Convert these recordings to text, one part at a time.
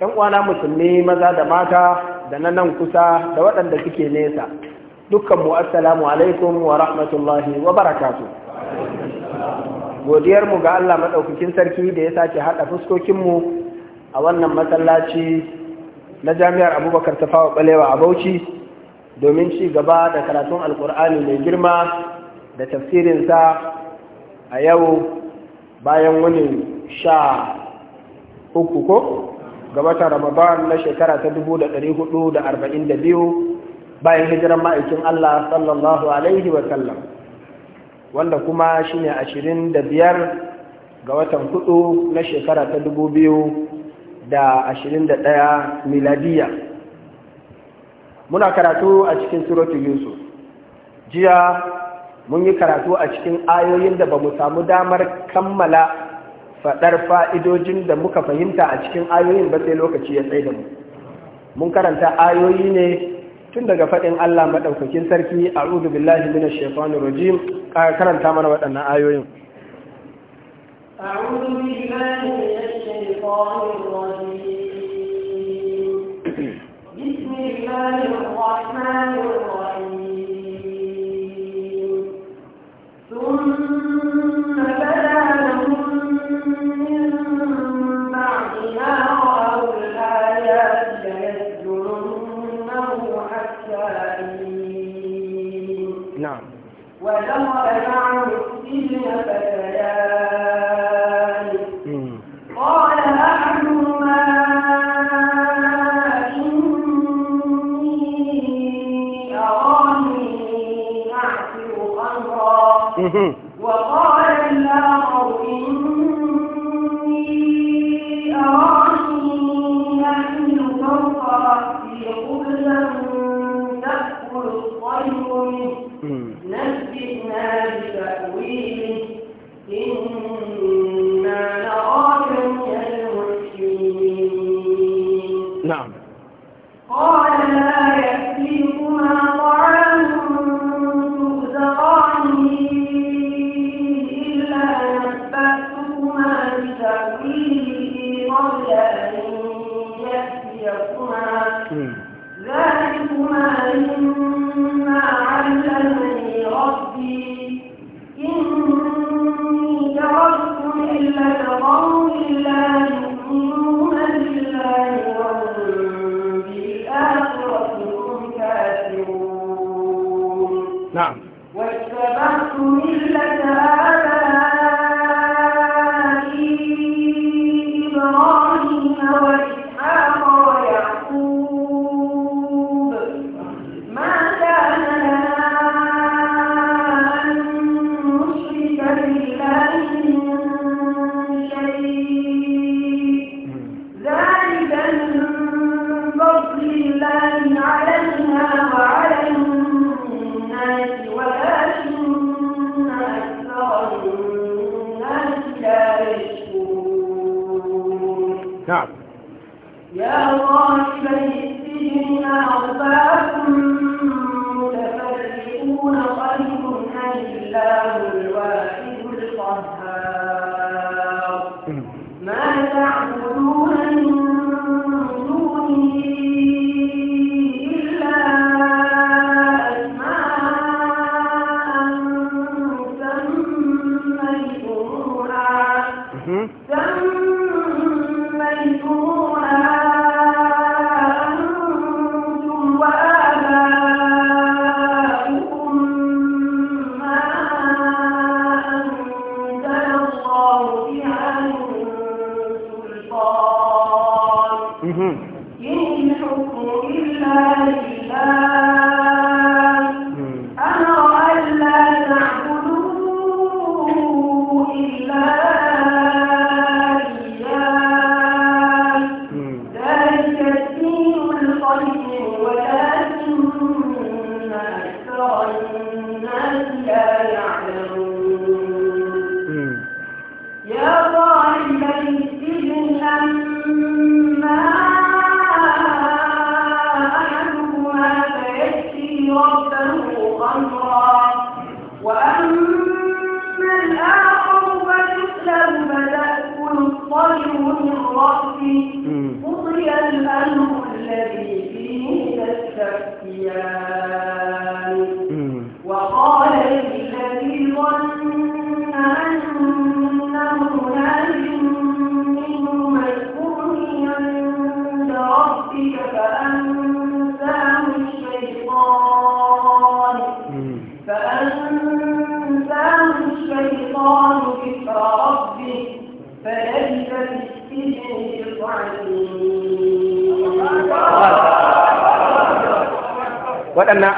yan uwana musulmi maza da mata da na nan kusa da waɗanda suke nesa dukkan mu assalamu alaikum wa rahmatullahi wa barakatu godiyar ga Allah maɗaukakin sarki da ya sake haɗa fuskokinmu a wannan masallaci na jami'ar Abubakar ta fawa ɓalewa a Bauchi domin ci gaba da karatun Alkur'ani mai girma da tafsirinsa a yau bayan wani sha uku ko ga watan Ramadan na shekara ta 1442 bayan hijiran ma'aikin Allah sallallahu alaihi wa sallam wanda kuma shi shine 25 ga watan hudu na shekara ta 2021 miladiya muna karatu a cikin suratul yusuf jiya mun yi karatu a cikin ayoyin da ba mu samu damar kammala faɗar fa'idojin da muka fahimta a cikin ayoyin ba sai lokaci ya tsaye da mu mun karanta ayoyi ne tun daga faɗin Allah maɗaukakin sarki a rudu billahi mina shekwanu rajim karanta mana waɗannan ayoyin بسم الله الرحمن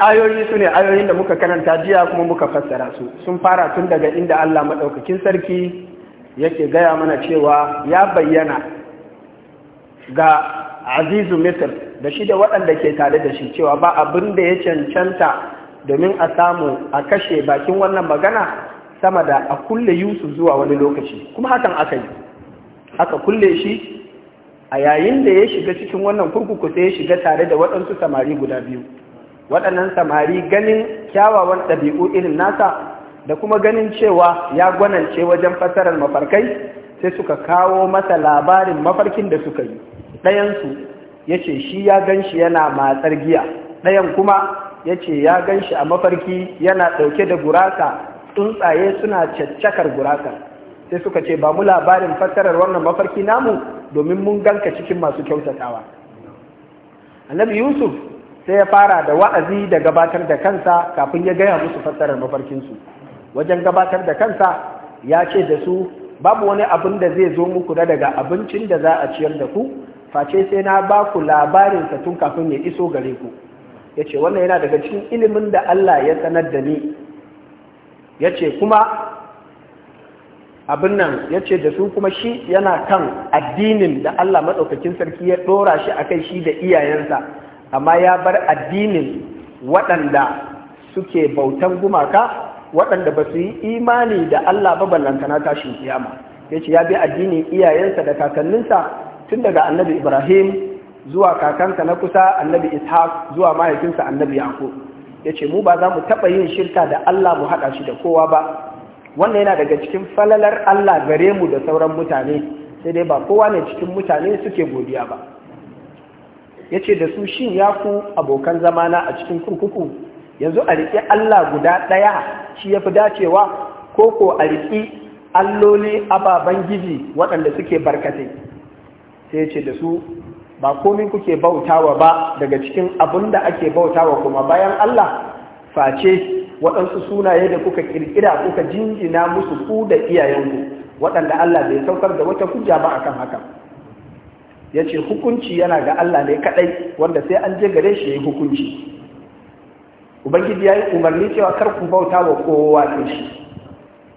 ayoyi su ne ayoyin da muka karanta jiya kuma muka fassara su sun fara tun daga inda Allah maɗaukakin sarki yake gaya mana cewa ya bayyana ga azizu misir da shi da waɗanda ke tare da shi cewa ba abin da ya cancanta domin a samu a kashe bakin wannan magana sama da a kulle yusuf zuwa wani lokaci kuma hakan aka yi aka kulle shi a yayin da ya shiga cikin wannan kurkuku sai ya shiga tare da waɗansu samari guda biyu waɗannan samari ganin kyawawan ɗabi'u irin nasa da kuma ganin cewa ya gwanance wajen fasarar mafarkai sai suka kawo masa labarin mafarkin da suka yi ɗayansu ya ce shi ya gan shi yana matsar giya ɗayan kuma ya ce ya gan shi a mafarki yana ɗauke da guraka, tsuntsaye suna caccakar guraka, sai suka ce ba mu labarin fasarar wannan mafarki namu domin mun ganka cikin masu kyautatawa annabi yusuf sai ya fara da wa'azi da gabatar da kansa kafin ya gaya musu fassarar mafarkinsu wajen gabatar da kansa ya ce da su babu wani abin da zai zo muku da daga abincin da za a ciyar da ku face sai na ba ku labarinsa tun kafin ya iso gare ku ya ce wannan yana daga cikin ilimin da Allah ya sanar da ni ya ce kuma abin nan ya ce da su kuma shi yana kan addinin da Allah maɗaukakin sarki ya ɗora shi a kai shi da iyayensa amma ya bar addinin waɗanda suke bautan gumaka waɗanda ba su yi imani da Allah ba ballantana tashi kiyama ya ce ya bi addinin iyayensa da kakanninsa tun daga annabi ibrahim zuwa kakansa na kusa annabi ishaq zuwa mahaifinsa annabi yaqub ya ce mu ba za mu taɓa yin shirka da Allah mu haɗa shi da kowa ba wannan yana daga cikin falalar Allah gare mu da sauran mutane sai dai ba kowa ne cikin mutane suke godiya ba ya ce da su shin ya ku abokan zamana a cikin kurkuku yanzu a riƙe Allah guda ɗaya shi ya fi dacewa ko ko a riƙi alloli ababen gizi waɗanda suke barkatai sai ya ce da su ba komin kuke bautawa ba daga cikin abin da ake bautawa kuma bayan Allah face waɗansu sunaye da kuka ƙirƙira kuka jinjina musu ku da iyayenku waɗanda Allah bai saukar da wata hujja ba akan haka ya ce hukunci yana ga Allah ne kaɗai wanda sai an je gare shi ya yi hukunci ubangiji ya yi umarni cewa kar ku bauta wa kowa ne shi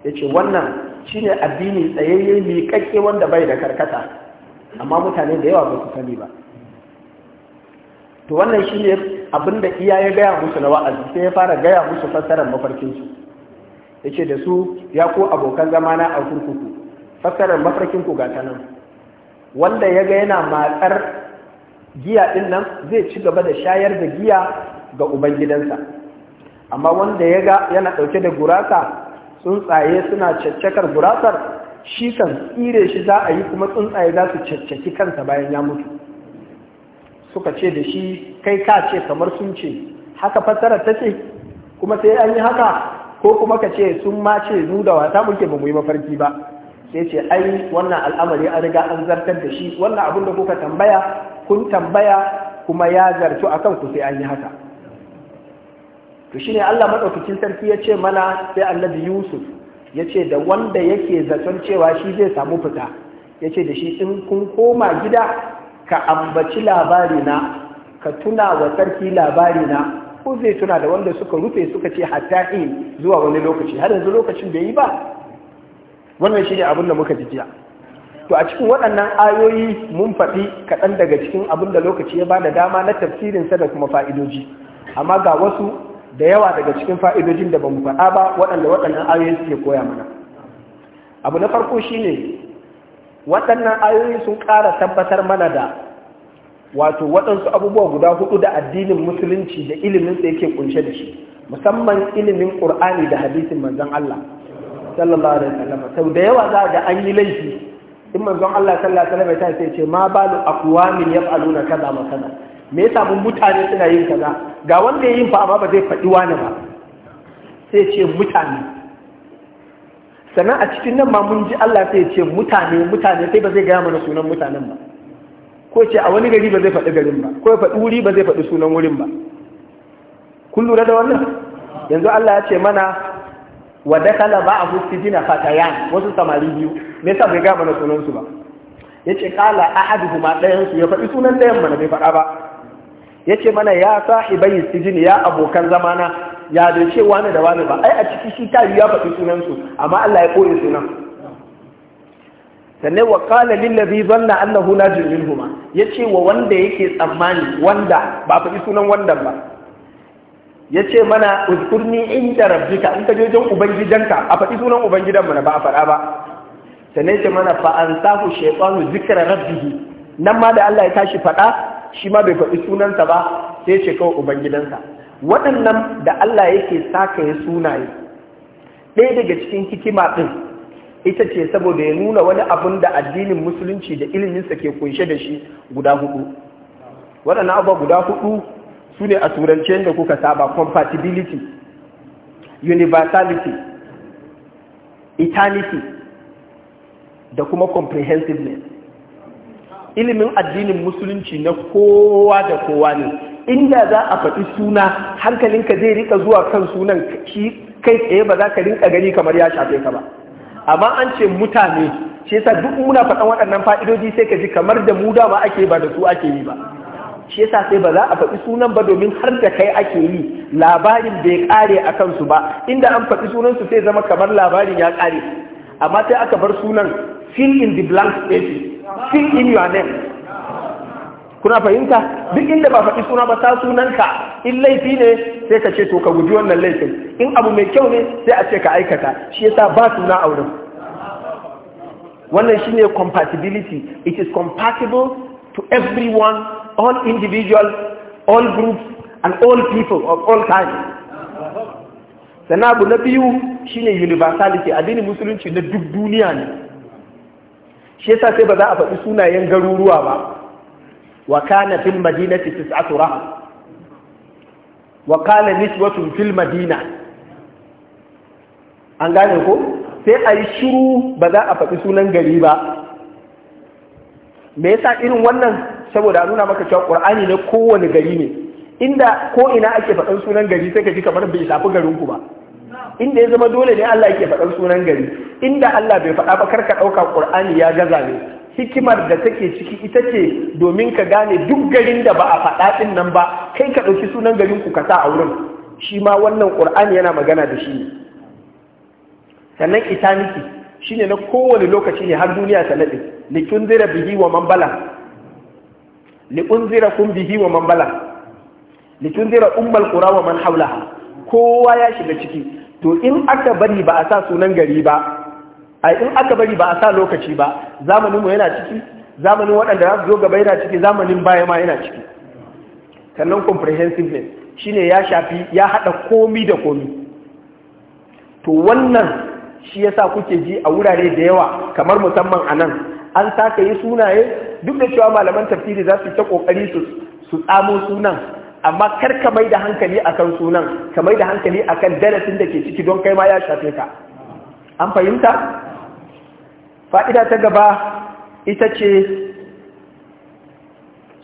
ya ce wannan shi ne addini tsayayye miƙaƙƙe wanda bai da karkata amma mutane da yawa ba su sani ba to wannan shi ne abin da iya ya gaya musu na wa'azi sai ya fara gaya musu fassarar mafarkinsu ya ce da su ya ko abokan zamana a kurkuku fassarar mafarkinku ga ta nan wanda ya ga yana matsar giya ɗin nan zai ci gaba da shayar da giya ga ubangidansa amma wanda ya ga yana ɗauke da gurasa tsuntsaye suna caccakar gurasar shi kan tsire shi za a yi kuma tsuntsaye za su caccaki kansa bayan ya mutu suka ce da shi kai ka ce kamar sun ce haka fassara ta ce kuma sai an yi haka ko kuma ka ce sun ma ce zu da wata muke ba mu yi mafarki ba sai ce ai wannan al'amari an riga an zartar da shi wannan abin da kuka tambaya kun tambaya kuma ya zartu akan ku sai an yi haka to shine Allah madaukakin sarki ya ce mana sai Annabi Yusuf ya ce da wanda yake zaton cewa shi zai samu fita ya ce da shi in kun koma gida ka ambaci labari na ka tuna wa sarki labari na ko zai tuna da wanda suka rufe suka ce hatta in zuwa wani lokaci har yanzu lokacin bai yi ba wannan shi ne abin da muka ji jiya to a cikin waɗannan ayoyi mun faɗi kaɗan daga cikin abin da lokaci ya ba da dama na tafsirinsa da kuma fa'idoji amma ga wasu da yawa daga cikin fa'idojin da ba mu faɗa ba waɗanda waɗannan ayoyi suke koya mana abu na farko shi ne waɗannan ayoyi sun ƙara tabbatar mana da wato waɗansu abubuwa guda hudu da addinin musulunci da ilimin da yake kunshe da shi musamman ilimin ƙur'ani da hadisin manzon Allah sallallahu alaihi wasallam sau da yawa za ga an yi laifi in manzon Allah sallallahu alaihi wasallam ya ce ma balu aqwamin yaf'aluna kaza ma kaza me yasa mun mutane suna yin kaza ga wanda yin fa amma ba zai fadi wani ba sai ce mutane sannan a cikin nan ma mun ji Allah sai ce mutane mutane sai ba zai gaya mana sunan mutanen ba ko ce a wani gari ba zai faɗi garin ba ko ya faɗi wuri ba zai faɗi sunan wurin ba kun lura da wannan yanzu Allah ya ce mana wa dakala ba'ahu sijina fatayan wasu samari biyu me yasa bai ga mana sunan su ba yace qala ahaduhuma dayan ɗayansu ya faɗi sunan dayan mana bai faɗa ba yace mana ya sa sahibai jini ya abokan zamana ya da ce wani da wani ba ai a ciki shi ta ya faɗi sunansu su amma Allah ya koyi sunan sannan wa qala lil ladhi dhanna annahu najin minhuma yace wa wanda yake tsammani wanda ba faɗi sunan wanda ba ya ce mana uzkurni inda rabbika in ka je wajen ubangijanka a faɗi sunan ubangidan mana ba a faɗa ba sannan ce mana fa an sahu shaytanu zikra rabbihi nan ma da Allah ya tashi faɗa shi ma bai faɗi sunansa ba sai ce kawai ubangidansa waɗannan da Allah yake saka ya sunaye ɗaya daga cikin hikima ɗin ita ce saboda ya nuna wani abun da addinin musulunci da iliminsa ke kunshe da shi guda hudu waɗannan abubuwa guda hudu su ne a turancen da kuka saba compatibility universality eternity da kuma comprehensiveness ilimin addinin musulunci na kowa da kowa ne inda za a faɗi suna hankalinka zai rika zuwa kan sunan shi kai tsaye ba za ka rinka gani kamar ya shafe ka ba amma an ce mutane shi yasa duk muna faɗan waɗannan fa'idodi sai ka ji kamar da mu dama ake ba da su ake yi ba shi yasa sai ba za a faɗi sunan ba domin har da kai ake yi labarin bai kare a kansu ba inda an faɗi sunansu sai zama kamar labarin ya ƙare amma sai aka bar sunan fill in the blank space fill in your name kuna fahimta duk inda ba faɗi suna ba ta sunanka in laifi ne sai ka ce to ka guji wannan laifin in abu mai kyau ne sai a ce ka aikata shi yasa ba suna a wurin wannan shine compatibility it is compatible to everyone all individuals, all groups, and all people of all kinds. Sana abu na biyu shine universality addinin musulunci na duk duniya ne. Shi yasa sai ba za a faɗi sunayen garuruwa ba. Wa kana fil madinati tis'atu rahab. Wa kana nisbatun fil madina. An gane ko? Sai a yi shiru ba za a faɗi sunan gari ba. Me yasa irin wannan saboda nuna maka cewa qur'ani na kowane gari ne inda ko ina ake faɗan sunan gari sai ka ji kamar bai shafi garin ku ba inda ya zama dole ne Allah yake faɗan sunan gari inda Allah bai faɗa ba ka ɗauka qur'ani ya gaza ne hikimar da take ciki ita ce domin ka gane duk garin da ba a faɗa ɗin nan ba kai ka ɗauki sunan garin ku ka sa a wurin shi ma wannan qur'ani yana magana da shi sannan itaniki shine na kowane lokaci ne har duniya ta nade likun zira bihi wa man bala li'unzirakum bihi wa man bala litunzira ummal qura wa man haulaha kowa ya shiga ciki to in aka bari ba a sa sunan gari ba ai in aka bari ba a sa lokaci ba zamanin mu yana ciki zamanin waɗanda zasu su zo gaba yana ciki zamanin baya ma yana ciki sannan comprehensiveness shine ya shafi ya hada komi da komi to wannan shi yasa kuke ji a wurare da yawa kamar musamman a nan an saka yi sunaye duk da cewa malaman tafsiri za su ta kokari su su tsamo sunan amma kar ka mai da hankali akan sunan ka mai da hankali akan darasin da ke ciki don kai ma ya shafe ka an fahimta fa'ida ta gaba ita ce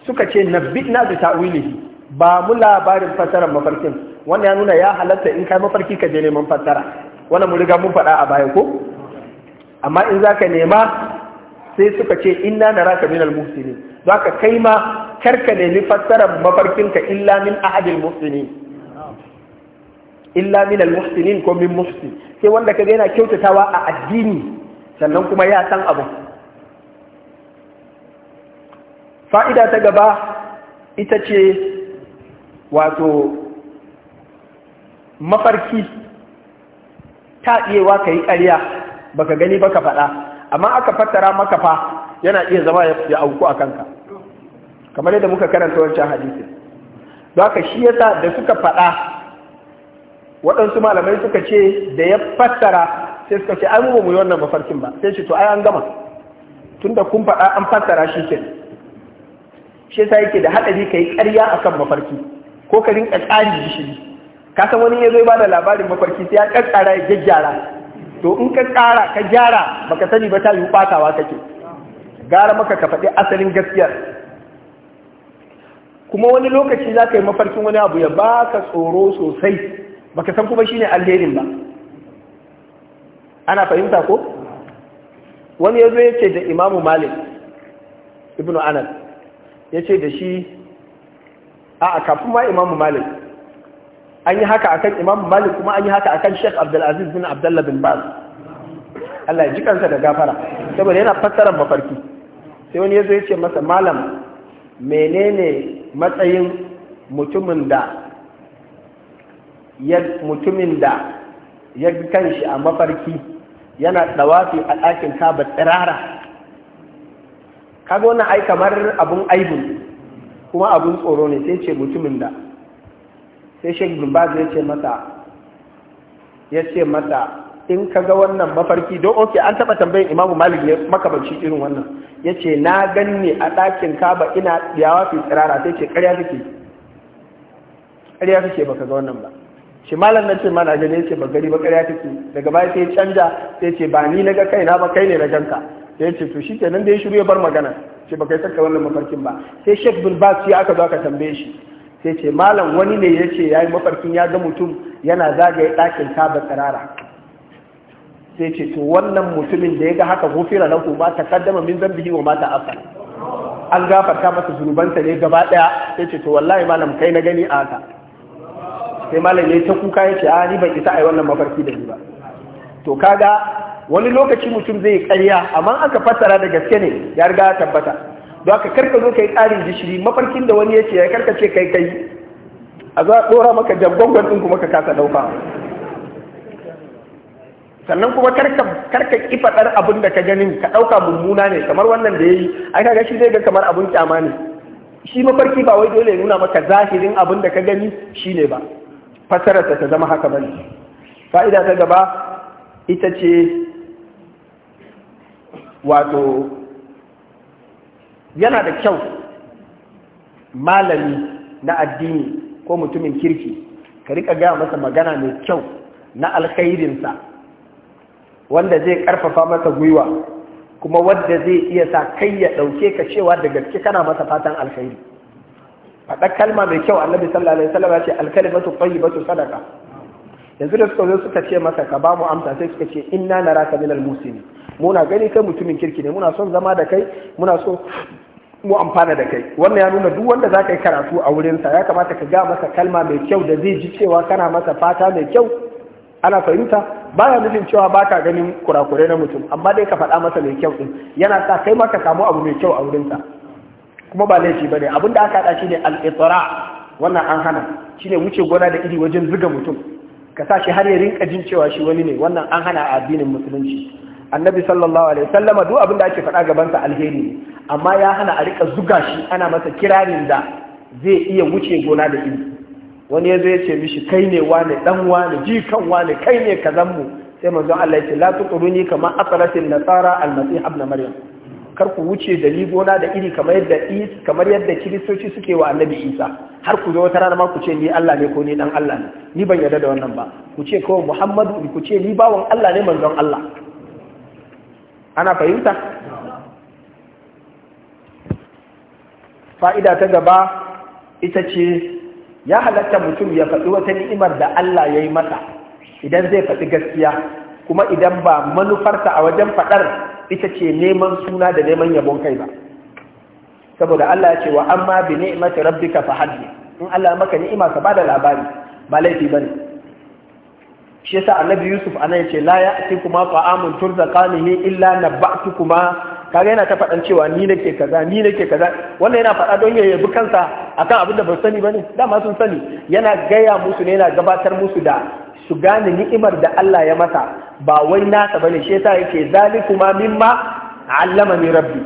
suka ce na da ta'wili ba mu labarin fasarar mafarkin wannan ya nuna ya halatta in kai mafarki ka je neman fasara wannan mu riga mun faɗa a baya ko amma in zaka nema sai suka ce inna naraka minal muhsinin zaka kai ma karka nemi fassarar mafarkinka illa min ahadil muhsinin illa min al-muhsinin ko min muhsin sai wanda kaga yana kyautatawa a addini sannan kuma ya san abu fa'ida ta gaba ita ce wato mafarki ta iyewa ka yi ƙarya baka gani baka faɗa amma aka fassara maka fa yana iya zama ya auku a kanka kamar yadda muka karanta wancan hadisin don haka shi yasa da suka faɗa waɗansu malamai suka ce da ya fassara sai suka ce ai mu mu yi wannan mafarkin ba sai ce to ai an gama tunda kun faɗa an fassara shi ke shi yasa yake da haɗari ka yi ƙarya akan mafarki ko ka rinka tsari gishiri ka san wani ya zo ba da labarin mafarki sai ya ƙarƙara ya gyaggyara to in ka kara ka gyara baka sani ba ta yi ɓatawa kake gara maka ka faɗi asalin gaskiyar kuma wani lokaci za ka yi mafarkin wani abu ya ba ka tsoro sosai baka san kuma shine alherin ba ana fahimta ko wani ya zo ya ce da imamu malik ibnu anas ya ce da shi a kafin ma imamu malik an yi haka akan imam malik kuma an yi haka akan sheikh abdulaziz bin abdullah bin baz Allah ya ji kansa da gafara saboda yana fassara mafarki sai wani yazo ya ce masa malam menene matsayin mutumin da ya mutumin da ya kanshi a mafarki yana dawafi a ɗakin kaba tsirara kaga wannan ai kamar abun aihu kuma abun tsoro ne sai ce mutumin da sai shek bin baz ya ce mata ya ce mata in ka ga wannan mafarki don oke an taɓa tambayin imamu malik ne makabanci irin wannan ya ce na ganni a ɗakin kaba ina yawa fi tsirara sai ce ƙarya kake ƙarya ba baka ga wannan ba shi malam na ce mana gani ya ce ba gari ba ƙarya suke daga baya sai canja sai ce ba ni na ga kaina ba kai ne na ganka sai ce to shi kenan da ya shiru ya bar magana ce ba kai saka wannan mafarkin ba sai shek bin bas ya aka zo aka tambaye shi sai ce malam wani ne ya ce ya yi mafarkin ya ga mutum yana zagaye ɗakin kaba tsirara sai ce to wannan mutumin da ya ga haka gufira na kuma ta kaddama min zambihi wa mata afa an gafarta masa zunubanta ne gaba ɗaya sai ce to wallahi malam kai na gani a haka sai malam ya yi ta kuka ya ce a ah, ni ban isa a yi wannan mafarki da ni ba to kaga wani lokaci mutum zai karya amma aka fassara da gaske ne ya riga tabbata don ka karka zo ka yi tsarin gishiri mafarkin da wani ya ce ya karka ce kai kai a za a ɗora maka jagwagwan ɗin kuma ka kasa ɗauka sannan kuma karka ƙi faɗar abin da ka ganin ka ɗauka mummuna ne kamar wannan da ya yi ai kaga shi zai ga kamar abin kyama ne shi mafarki ba wai dole ya nuna maka zahirin abin da ka gani shi ne ba fasararsa ta zama haka bane fa'ida ta gaba ita ce wato yana da kyau malami na addini ko mutumin kirki ka rika gaya masa magana mai kyau na alkhairinsa wanda zai karfafa masa gwiwa kuma wadda zai iya sa kai ya ɗauke ka cewa da gaske kana masa fatan alkhairi faɗa kalma mai kyau annabi sallallahu alaihi wasallam ya ce alkalimatu tayyibatu sadaqa yanzu da suka zo suka ce masa ka ba mu amsa sai suka ce inna naraka minal muslimin muna gani kai mutumin kirki ne muna son zama da kai muna so mu amfana da kai wannan ya nuna duk wanda za ka yi karatu a wurinsa ya kamata ka ga masa kalma mai kyau da zai ji cewa kana masa fata mai kyau ana fahimta baya nufin cewa ba ka ganin kurakurai na mutum amma dai ka faɗa masa mai kyau ɗin yana sa kai maka ka samu abu mai kyau a wurinsa kuma ba laifi ne ne da aka haɗa shine al-itra wannan an hana shine wuce gona da iri wajen zuga mutum ka sa shi har ya rinka jin cewa shi wani ne wannan an hana a addinin musulunci annabi sallallahu alaihi sallama duk abin da ake faɗa gabansa alheri ne amma ya hana a rika zuga shi ana masa kirarin da zai iya wuce gona da iri wani ya ya ce mishi kai ne wane dan wane jikan wane kai ne kazan mu sai manzon Allah ya ce la tuquruni kama nasara almasih ibn maryam kar ku wuce da ni gona da iri kamar yadda kamar yadda kiristoci suke wa annabi isa har ku zo wata rana ma ku ce ni Allah ne ko ni dan Allah ne ni ban yarda da wannan ba ku ce kawai muhammadu ku ce ni bawan Allah ne manzon Allah ana fahimta fa'ida ta gaba ita ce ya halatta mutum ya faɗi wata ni'imar da Allah ya yi masa idan zai faɗi gaskiya kuma idan ba manufarta a wajen faɗar ita ce neman suna da neman yabon kai ba saboda Allah ya ce wa amma bi ni'imati rabbika fa haddi in Allah maka ni'ima ka ba da labari ba laifi ba ne. shi yasa annabi yusuf ana yace la ya ya'ti kuma ta'amun turzaqanihi illa kuma kaga yana ta faɗan cewa ni nake kaza ni nake kaza wannan yana faɗa don ya yabi kansa akan abin da ba sani bane dama sun sani yana gaya musu ne yana gabatar musu da su gane ni'imar da Allah ya masa ba wai nasa bane shi yasa yake zalikuma mimma allamani rabbi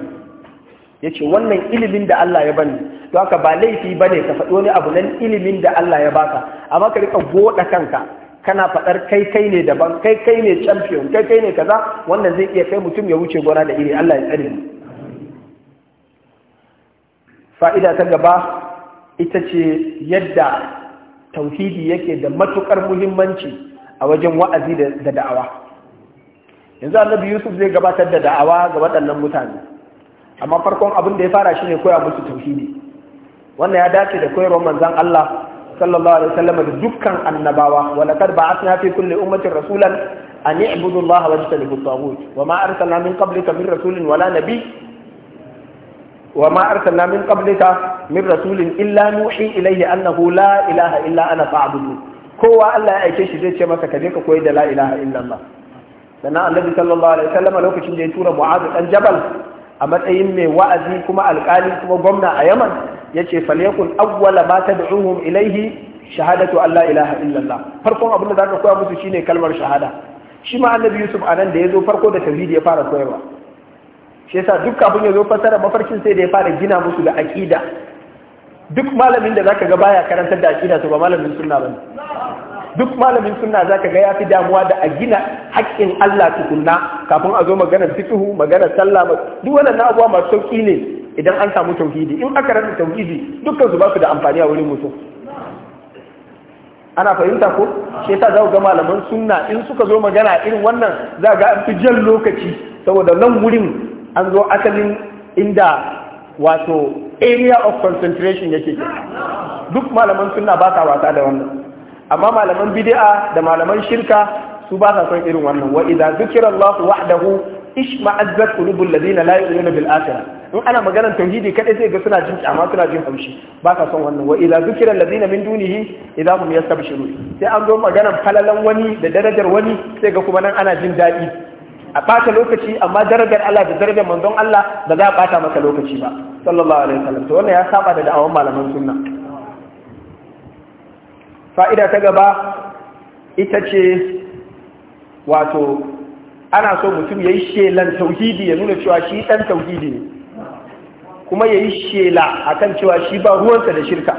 yace wannan ilimin da Allah ya bani to haka ba laifi bane ka faɗi wani abu nan ilimin da Allah ya baka amma ka rika goda kanka kana faɗar kai kai ne daban kai kai ne champion kai kai ne kaza wannan zai iya kai mutum ya wuce gona da iri Allah ya tsare mu fa'ida ta gaba ita ce yadda tauhidi yake da matukar muhimmanci a wajen wa'azi da da'awa yanzu annabi yusuf zai gabatar da da'awa ga waɗannan mutane amma farkon abin da ya fara shine koya musu tauhidi wannan ya dace da koyarwar manzon Allah sallallahu alaihi wasallam da dukkan annabawa wa laqad ba'athna fi kulli ummatin rasulan an i'budu Allah wa tajtanibu at-taghut wa ma arsalna min qablika min rasulin wala nabiy wa ma arsalna min qablika min rasulin illa nuhi ilayhi annahu la ilaha illa ana fa'budu kowa Allah ya aike shi zai ce masa ka je ka koyi da la ilaha illa Allah sannan annabi sallallahu alaihi wasallam lokacin da ya tura mu'adh dan jabal a matsayin mai wa'azi kuma alƙali kuma gwamna a yaman ya ce "Falekun, ba ta da ruhun ilaihi shahadatu Allah ilaha illallah farkon abin da za ka koya musu shi ne kalmar shahada shi ma annabi Yusuf a nan da ya zo farko da tauhidi ya fara koyarwa shi yasa duk kafin zo fasara mafarkin sai da ya fara gina musu da aƙida duk malamin da za ka ga baya karantar da aƙida to ba malamin sunna ne. duk malamin sunna ka ga ya fi damuwa da a gina haƙƙin Allah tukunna kafin a zo maganar fituhu maganar sallah duk wannan abuwa masu sauƙi ne idan an samu tauhidi in aka rasa tauhidi dukkan su ba su da amfani a wurin mutum ana fahimta ko shi yasa za ku ga malaman sunna in suka zo magana irin wannan za ga an fi jan lokaci saboda nan wurin an zo asalin inda wato area of concentration yake duk malaman sunna ba ta wasa da wannan amma malaman bidi'a da malaman shirka su ba sa son irin wannan wa idza zikira Allah wahdahu isma'azzat qulubul ladina la yu'minuna bil akhirah in ana maganar tauhidi kadai sai ga suna jin amma suna jin haushi ba sa son wannan wa idza zikira ladina min dunihi idza hum yastabshirun sai an zo maganar falalan wani da darajar wani sai ga kuma nan ana jin dadi a ɓata lokaci amma darajar Allah da darajar manzon Allah ba za a ɓata masa lokaci ba sallallahu alaihi wasallam to wannan ya saba da da'awan malaman sunna fa'ida ta gaba ita ce wato ana so mutum ya yi shelan tauhidi ya nuna cewa shi ɗan tauhidi ne kuma ya yi shela kan cewa shi ba ruwansa da shirka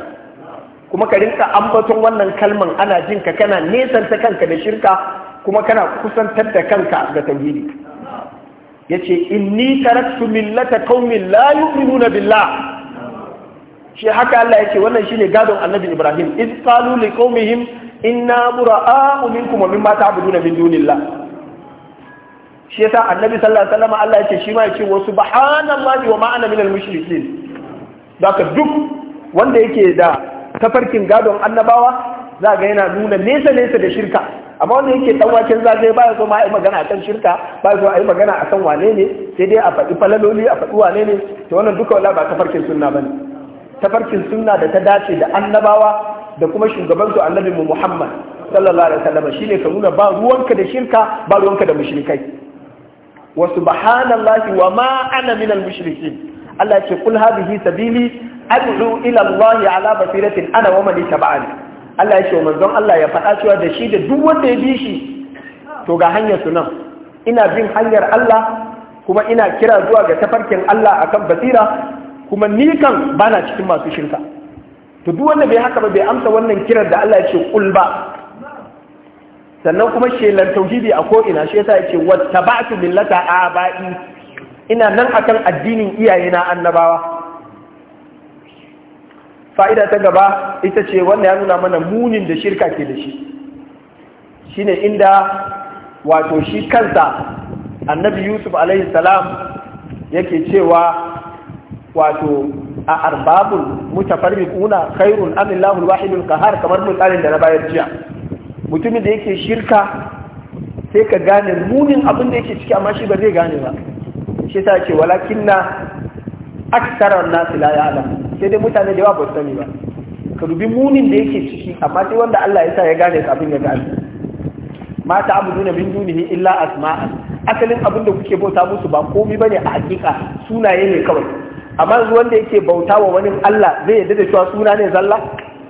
kuma ka rinka ambaton wannan kalman ana jin ka kana nesanta kanka da shirka kuma kana kusantar da kanka ga tauhidi Ya yace inni taraktu millata qaumin la yu'minuna billah shi haka Allah yake wannan shine gadon annabi Ibrahim iz qalu liqaumihim inna bura'a'u minkum mimma ta'buduna min dunillah shi yasa annabi sallallahu alaihi wasallam Allah yake shi ma yake wa subhanallahi wa ma ana minal mushrikin daka duk wanda yake da tafarkin gadon annabawa za ga yana nuna nesa nesa da shirka amma wanda yake dan waken zagaye ya so ma a yi magana akan shirka ya so a yi magana akan wane ne sai dai a faɗi falaloli a faɗi wane ne to wannan duka wala ba tafarkin sunna bane tafarkin suna da ta dace da annabawa da kuma shugabansu annabi mu Muhammad sallallahu alaihi wasallam shine ka nuna ba ruwanka da shirka ba ruwanka da mushrikai wa subhanallahi wa ma ana minal mushrikin Allah ce kul hadhihi sabili ad'u ila Allah ala basiratin ana wa man tabani Allah ya ce manzon Allah ya faɗa cewa da shi da duk wanda ya bi shi to ga hanyar su nan ina bin hanyar Allah kuma ina kira zuwa ga tafarkin Allah akan basira kuma ni kan bana cikin masu shirka to duk wanda bai haka ba bai amsa wannan kiran da Allah ya ce kul ba sannan kuma shelar tauhidi a ko ina shi yasa yace wattaba'tu millata aba'i ina nan akan addinin iyayena annabawa fa'ida ta gaba ita ce wanda ya nuna mana munin da shirka ke da shi shi ne inda wato shi kansa annabi yusuf alaihissalam yake cewa wato a arbabul mutafarriquna khairun am Allahu al-wahidul qahar kamar misalin da na bayar jiya mutumin da yake shirka sai ka gane munin abin da yake ciki amma shi ba zai gane ba shi ta ce walakinna aktsaran nas la ya'lam sai dai mutane da yawa ba su sani ba ka dubi munin da yake ciki amma sai wanda Allah ya sa ya gane kafin ya gane ma ta'buduna min dunihi illa asma'a asalin abin da kuke bauta musu ba komai bane a hakika sunaye ne kawai amma yanzu wanda yake bauta wa wani Allah zai yadda da cewa suna ne zalla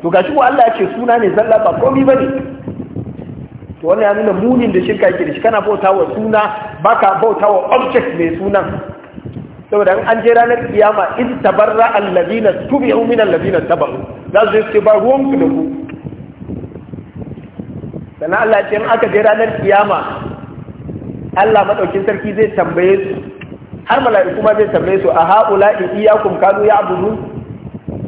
to gashi ko Allah ya ce suna ne zalla ba komai ne? to wannan ya nuna munin da shirka yake da shi kana bauta wa suna baka bauta wa object mai sunan saboda an je ranar kiyama in tabarra allazina tubi'u min allazina tabu za su ce ba ruwan ku da ku sannan Allah ya ce in aka je ranar kiyama Allah madaukin sarki zai tambaye su har mala'iku ma zai tambaye su a haula in iyakum kanu ya'budun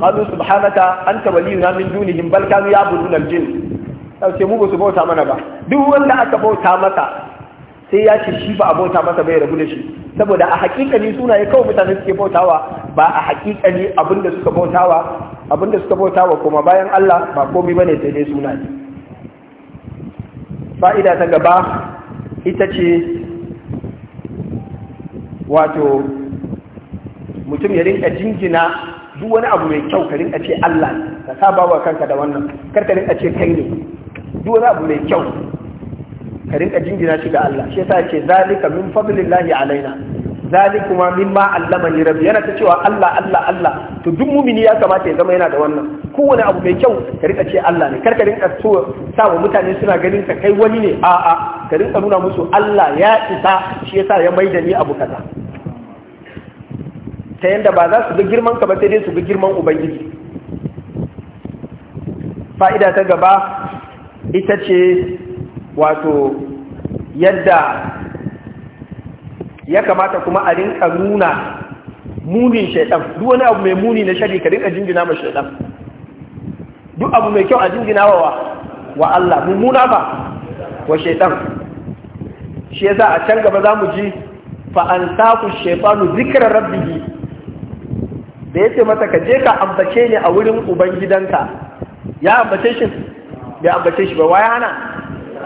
qalu subhanaka anta waliyuna min dunihim bal kanu ya'budun al jin sai mu ba su bauta mana ba duk wanda aka bauta masa sai ya ce shi ba a bauta masa bai rabu da shi saboda a hakikani sunaye kawai mutane suke bautawa ba a hakikani abinda suka bautawa abinda suka bautawa kuma bayan Allah ba komai bane sai dai sunaye fa'ida ta gaba ita ce wato mutum ya rinka jingina duk wani abu mai kyau ka rinka ce Allah ka saba wa kanka da wannan kar ka rinka ce kai ne duk wani abu mai kyau ka rinka jingina shi ga Allah shi yasa ce zalika min fadlillahi alaina ma mimma ni rabbi yana ta cewa Allah Allah Allah to duk mumini ya kamata ya zama yana da wannan kowane abu mai kyau ka rika ce Allah ne karka rinka so sa wa mutane suna ganin ka kai wani ne a a ka rinka nuna musu Allah ya isa shi yasa ya mai da ni abu kaza ta yanda ba za su ga girman ka ba sai dai su ga girman ubangiji fa'ida ta gaba ita ce wato yadda ya kamata kuma a rinka nuna munin shaidan duk wani abu mai muni na shari ka rinka jingina ma shaidan duk abu mai kyau a jingina wa wa Allah mummuna ba wa shaidan shi yasa a can gaba za mu ji fa an saku shaitanu zikra yi da yace mata ka je ka ambace ni a wurin ubangidanka ya ambace shi bai ambace shi ba waya hana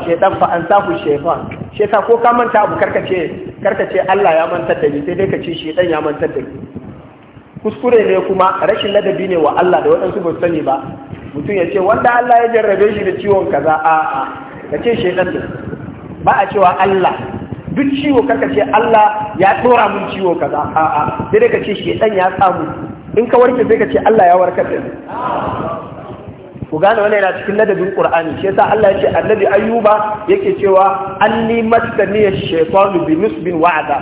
shaitan fa an saku shaitan shaitan ko ka manta abu karkace karka ce Allah ya mantar da ni sai dai ka ce shi dan ya mantar da ni kuskure ne kuma rashin ladabi ne wa Allah da waɗansu ba sani ba mutum ya ce wanda Allah ya jarrabe shi da ciwon kaza a a ka ce shedan ne ba a cewa Allah duk ciwo karka ce Allah ya dora mun ciwo kaza a a sai dai ka ce shedan ya samu in ka warke sai ka ce Allah ya warkar da ni ku gane wannan yana cikin ladabin qur'ani shi yasa Allah yake annabi ayyuba yake cewa anni mastani ash-shaytanu bi nusbin wa'ada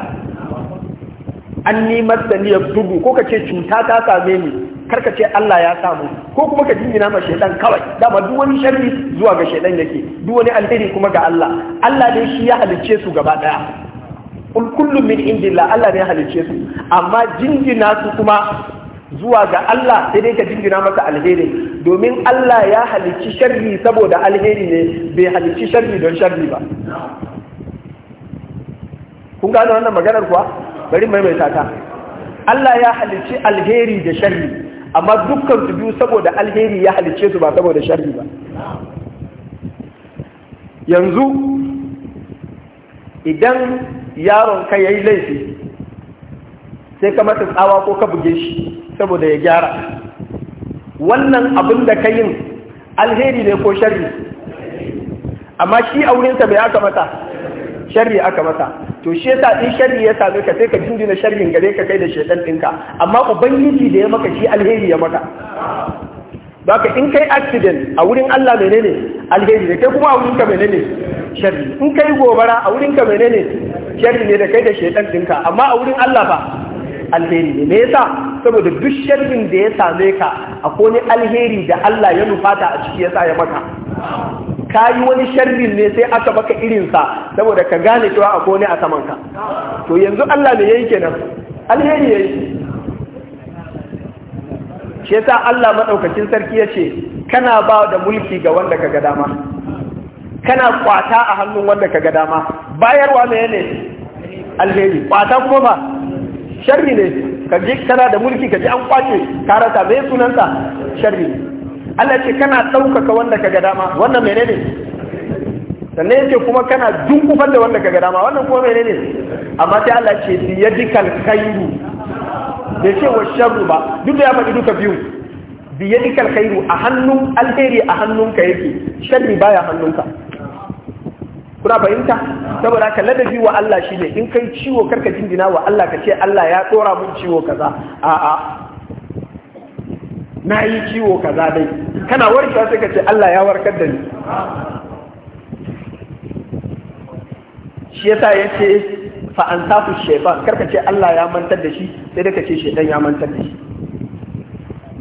anni mastani dubu ko kace cuta ta same ni karka ce Allah ya samu ko kuma ka jingina ma shaytan kawai dama duk wani sharri zuwa ga shaytan yake duk wani alheri kuma ga Allah Allah ne shi ya halicce su gaba daya kullum min indillah Allah ne ya halicce su amma jingina su kuma zuwa ga Allah sai dai ka jingina maka alheri domin Allah ya halicci sharri saboda alheri ne bai halicci sharri don sharri ba kun gano wannan maganar kuwa bari maimaita ta Allah ya halicci alheri da sharri amma dukkan su biyu saboda alheri ya halicce su ba saboda sharri ba yanzu idan yaron ka yayi laifi sai ka masa tsawa ko ka buge shi saboda ya gyara wannan abin da ka yin alheri ne ko shari. amma shi aurensa bai aka mata Shari aka mata to shi yasa in shari ya same ka sai ka jinjina shari gare ka kai da shedan ɗinka amma ubangiji da ya maka shi alheri ya maka Baka in kai accident a wurin Allah menene alheri ne kai kuma a wurin ka menene shari? in kai gobara a wurin ka menene shari ne da kai da shedan ɗinka amma a wurin Allah ba alheri ne me yasa saboda duk sharrin da ya same ka akwai wani alheri da Allah ya nufata a ciki yasa ya maka ka yi wani sharrin ne sai aka baka irinsa saboda ka gane cewa akwai wani a saman ka to yanzu Allah ne yayi kenan alheri yayi shi yasa Allah madaukakin sarki yace kana ba da mulki ga wanda ka ga dama kana kwata a hannun wanda ka ga dama bayarwa ne alheri kwata kuma ba sharri ne ka je kana da mulki ka ji an kwace karata rasa me sharri ne Allah ce kana ɗaukaka wanda ka ga dama wannan menene sannan yake kuma kana dunkufar da wanda ka ga dama wannan kuma menene amma sai Allah ce bi yadikal khairu bai ce wa sharru ba duk da ya faɗi duka biyu bi yadikal khairu a hannun alheri a hannunka yake sharri baya hannunka kuna fahimta saboda haka ladabi wa Allah shine in kai ciwo karka jindina wa Allah ka ce Allah ya tsora mun ciwo kaza a'a na yi ciwo kaza dai kana warkewa sai ka ce Allah ya warkar da ni shi yasa ya ce fa an tafu shefa karka ce Allah ya mantar da shi sai da ka ce shedan ya mantar da shi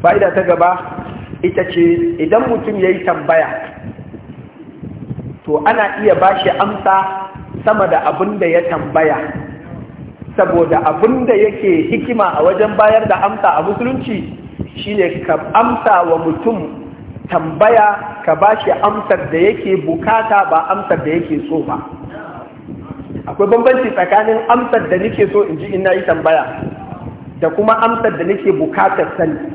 fa'ida ta gaba ita ce idan mutum ya yi tambaya to ana iya ba shi amsa sama da abin da ya tambaya saboda abin da yake hikima a wajen bayar da amsa a musulunci shine ka amsa wa mutum tambaya ka ba shi amsar da yake bukata ba amsar da yake so ba akwai bambanci tsakanin amsar da nake so in ji in na yi tambaya da kuma amsar da nake bukatar sani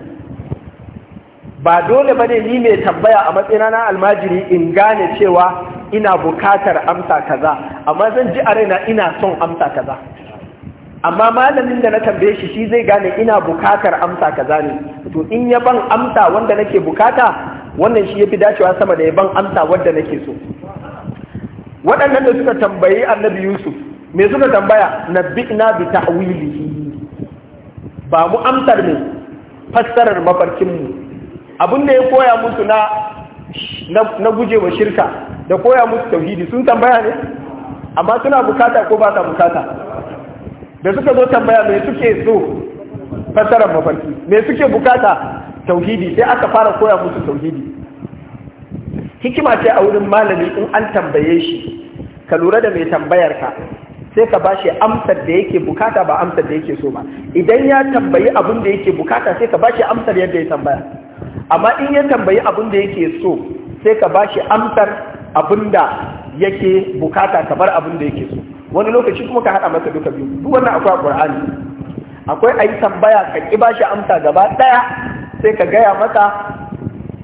ba dole ba ne ni mai tambaya a matsayina na almajiri in gane cewa ina bukatar amsa kaza amma zan ji a raina ina son amsa kaza amma malamin da na tambaye shi shi zai gane ina bukatar amsa kaza ne to in ya ban amsa wanda nake bukata wannan shi yafi dacewa sama da ya ban amsa wanda nake so waɗannan da suka tambayi annabi yusuf me suka tambaya nabbi'na bi ta'wilihi ba mu amsar ne fassarar mafarkin mu abin da ya koya musu na na wa shirka da koya musu tauhidi sun tambaya ne amma suna bukata ko ba ta bukata da suka zo tambaya me suke so fasarar mafarki me suke bukata tauhidi sai aka fara koya musu tauhidi hikima ce a wurin malami in an tambaye shi ka lura da mai tambayar ka sai ka bashi amsar da yake bukata ba amsar da yake so ba idan ya tambayi abin da yake bukata sai ka bashi amsar yadda ya tambaya amma in ya tambayi abin da yake so sai ka bashi amsar abinda yake bukata ka bar abin da yake so wani lokaci kuma ka haɗa masa duka biyu duk wannan akwai a Qur'ani akwai ayi tambaya ka ki shi amsa gaba ɗaya sai ka gaya masa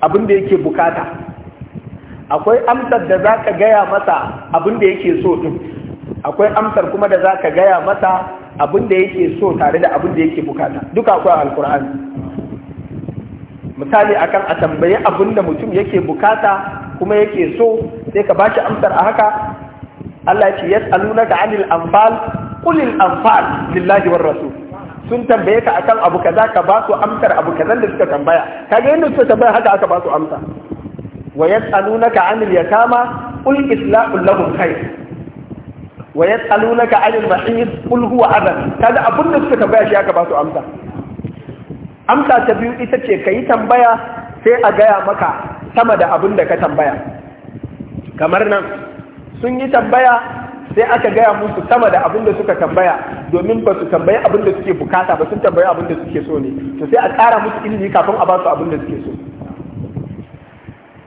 abin da yake bukata akwai amsar da za ka gaya masa abin da yake so din akwai amsar kuma da za ka gaya masa abin da yake so tare da abin da yake bukata duka akwai alkur'ani misali akan a tambayi abin da mutum yake bukata kuma yake so sai ka bashi amsar a haka Allah ya ce yas'alunaka 'anil anfal qulil anfal lillahi war rasul sun tambaye ka akan abu kaza ka ba su amsar abu kaza da suka tambaya kaga yanda suka tambaya haka aka ba su amsa wa yas'alunaka 'anil yatama qul islahul lahum khair wa yas'alunaka 'anil mahid qul huwa adhan kaga abun da suka tambaya shi aka ba su amsa amsa ta biyu ita ce ka yi tambaya sai a gaya maka sama da abin da ka tambaya kamar nan sun yi tambaya sai aka gaya musu sama da abin da suka tambaya domin ba su tambayi abin da suke bukata ba sun tambayi abin da suke so ne to sai a ƙara musu ilimi kafin a ba su abin da suke so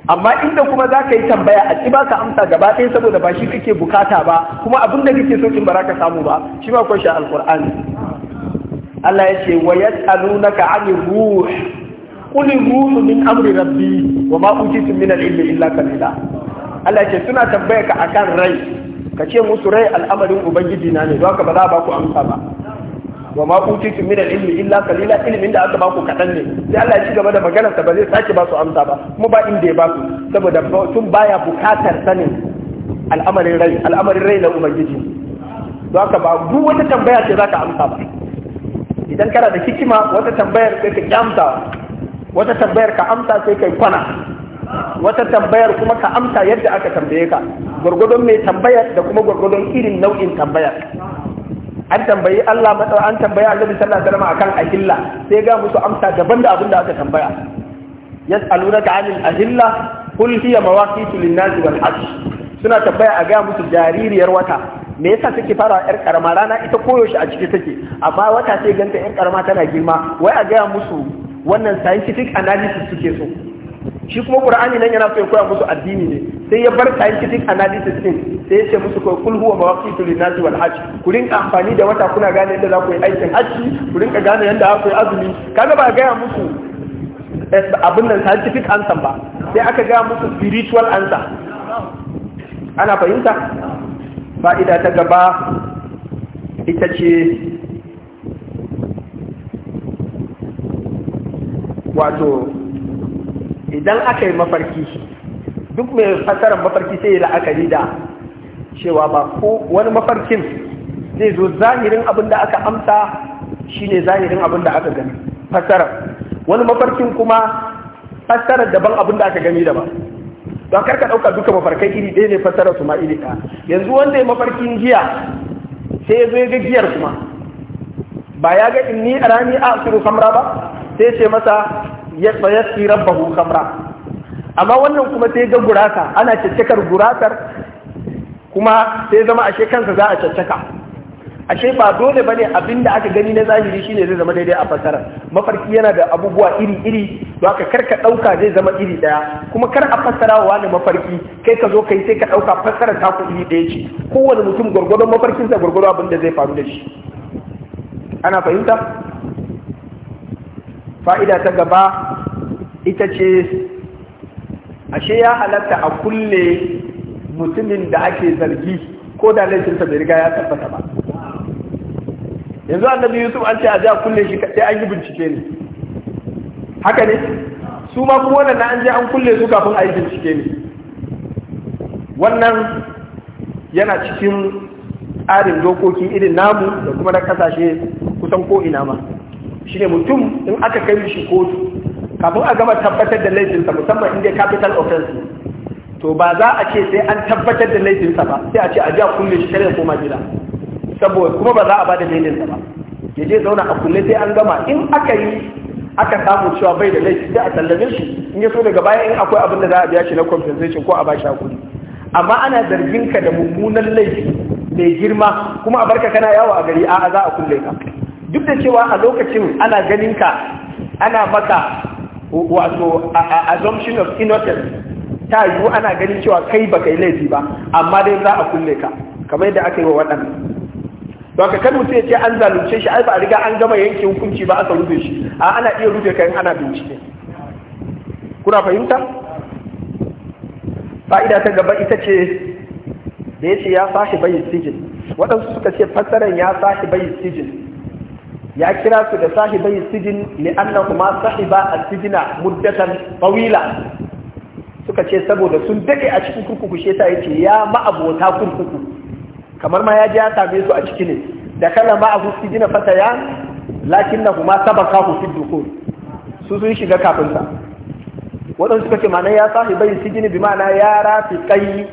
amma inda kuma za ka yi tambaya a ƙi ka amsa gaba ɗaya saboda ba shi kake bukata ba kuma abin da kake so in ba za ka samu ba shi ma kun alƙur'ani Allah ya ce wa yas'alunaka 'anil ruh kulin ruhu min amri rabbi wa ma utitum min al-ilmi illa qalila Allah ce suna tambaya ka akan rai ka ce musu rai al'amarin ubangiji na ne don ba za a ba ku amsa ba wa ma utitum min al-ilmi illa qalila ilmin da aka ba ku kadan ne sai Allah ya ci gaba da maganar sa ba zai sake ba su amsa ba kuma ba inda ya ba ku. saboda tun baya bukatar sanin al'amarin rai al'amarin rai na ubangiji don ba duk wata tambaya ce za ka amsa ba idan kana da hikima wata tambayar sai ka kyamta wata tambayar ka amsa sai kai kwana wata tambayar kuma ka amsa yadda aka tambaye ka gwargwadon mai tambayar da kuma gwargwadon irin nau'in tambayar an tambayi Allah matsala an tambayi Annabi sallallahu alaihi wasallam akan ahilla sai ga musu amsa daban da abin da aka tambaya yas'alunaka 'anil ahilla qul hiya mawaqitu lin-nasi wal hajj suna tambaya a ga musu jaririyar wata me yasa take fara yar karama rana ita koyaushe a ciki take amma wata sai ganta yar karama tana girma wai a ga musu wannan scientific analysis suke so shi kuma qur'ani nan yana so ya koya musu addini ne sai ya bar scientific analysis din sai ya ce musu ko kul huwa mawaqitu linnasi wal hajj ku rinka amfani da wata kuna gane yadda za ku yi aikin hajji ku rinka gane yadda za ku yi azumi kaga ba gaya musu eh, abin nan scientific answer ba sai aka gaya musu spiritual answer ana fahimta fa'ida ta gaba ita ce wato idan aka yi mafarki duk mai fasarar mafarki sai la'akari da cewa ba ko wani mafarkin zai zo zahirin abin da aka amsa shine zahirin abin da aka gani fasarar wani mafarkin kuma fasarar daban abin da aka gani daban don karka ɗauka duka mafarkai iri ɗaya ne fasarar su ma iri ɗaya yanzu wanda ya mafarkin giya sai ya zo ya ga giyar kuma ba ya ga inni a rani a asiru samra ba sai ce masa ya tsayassi rabbahu kamra amma wannan kuma sai ga gurasa ana caccakar gurasar kuma sai zama ashe kansa za a caccaka ashe ba dole bane da aka gani na zahiri shine zai zama daidai a fasara mafarki yana da abubuwa iri iri to kar karka dauka zai zama iri ɗaya. kuma kar a fassara wa ne mafarki kai ka zo kai sai ka dauka fasara ta ku iri daya ce kowane mutum gwargwadon mafarkinsa gwargwadon abin da zai faru da shi ana fahimta fa'ida ta gaba ita ce ashe ya halatta a kulle mutumin da ake zargi ko da laifinsa bai riga ya tabbata ba yanzu annabi yusuf an ce a ja kulle shi sai an yi bincike ne haka ne su ma kuma wannan an je an kulle su kafin a yi bincike ne wannan yana cikin tsarin dokoki irin namu da kuma na kasashe kusan ko ina ma shi ne mutum in aka kai shi kotu kafin a gama tabbatar da laifinsa musamman inda capital offense to ba za a ce sai an tabbatar da laifinsa ba sai a ce a ja kulle shi kare koma gida saboda kuma ba za a ba da laifinsa ba ya je zauna a kulle sai an gama in aka yi aka samu cewa bai da laifi sai a sallame shi in ya so daga baya in akwai abin da za a biya shi na compensation ko a ba shi hakuri amma ana zargin ka da mummunan laifi mai girma kuma a barka kana yawo a gari a'a za a kulle ka duk da cewa a lokacin ana ganinka ana maka wato assumption of innocence ta yiwu ana ganin cewa kai ba kai laifi ba amma dai za a kulle ka kamar yadda aka yi wa waɗannan ba ka kan mutum ya ce an zalunce shi ai ba a riga an gama yanke hukunci ba aka rufe shi a ana iya rufe ka ana bincike kuna fahimta fa'ida ta gaba ita ce da ya ce ya sashi bayi sijin waɗansu suka ce fassarar ya sashi bayi sijin ya kira su da sahibai sijin li'annahuma sahiba a sijna muddatan tawila suka ce saboda sun dade a cikin kurkuku shi yasa yace ya ma'abota kurkuku kamar ma ya ji ya same su a ciki ne da kana ma'abu sijina fataya lakinnahuma sabaqahu fi dukhul su sun shiga kafin sa waɗansu suka ce ma'ana ya sahibai sijini bi ma'ana ya rafi kai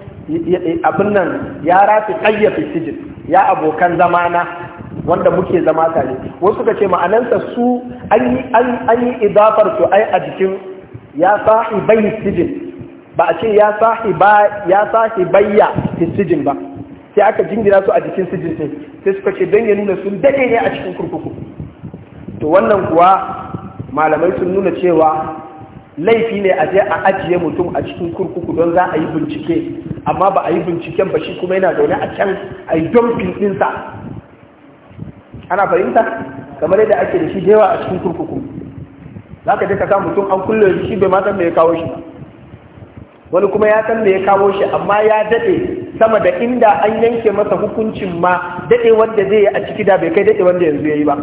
abin nan ya rafi kayyafi sijin ya abokan zamana wanda muke zama tare wasu ka ce ma'anansa su an yi an idafar su ai a jikin ya sahibai sijin ba a ce ya sahiba ya sahibayya sijin ba sai aka jingira su a jikin sijin sai sai suka ce don ya nuna sun daɗe ne a cikin kurkuku to wannan kuwa malamai sun nuna cewa laifi ne a je a ajiye mutum a cikin kurkuku don za a yi bincike amma ba a yi binciken ba shi kuma yana zaune a can a yi don ɗinsa ana fahimta kamar yadda ake da shi da yawa a cikin kurkuku za ka ka samu mutum an kulle shi bai matan da ya kawo shi wani kuma ya san me ya kawo shi amma ya daɗe sama da inda an yanke masa hukuncin ma daɗe wanda zai yi a ciki da bai kai daɗe wanda yanzu ya yi ba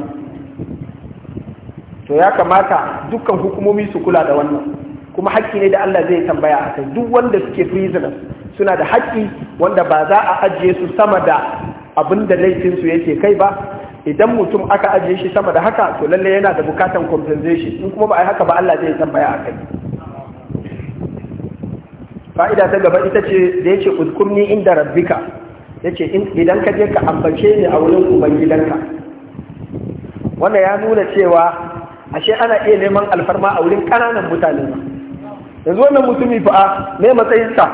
to ya kamata dukkan hukumomi su kula da wannan kuma haƙƙi ne da Allah zai tambaya a kai duk wanda suke prisoner suna da haƙƙi wanda ba za a ajiye su sama da abinda laifinsu yake kai ba idan mutum aka ajiye shi sama da haka to lalle yana da bukatan compensation in kuma ba a yi haka ba Allah zai tambaya a kai fa'ida ta gaba ita ce da yace udkurni inda rabbika yace idan ka je ka ambace ni a wurin ubangidanka wannan ya nuna cewa ashe ana iya neman alfarma a wurin ƙananan mutane yanzu wannan mutumi fa me matsayinsa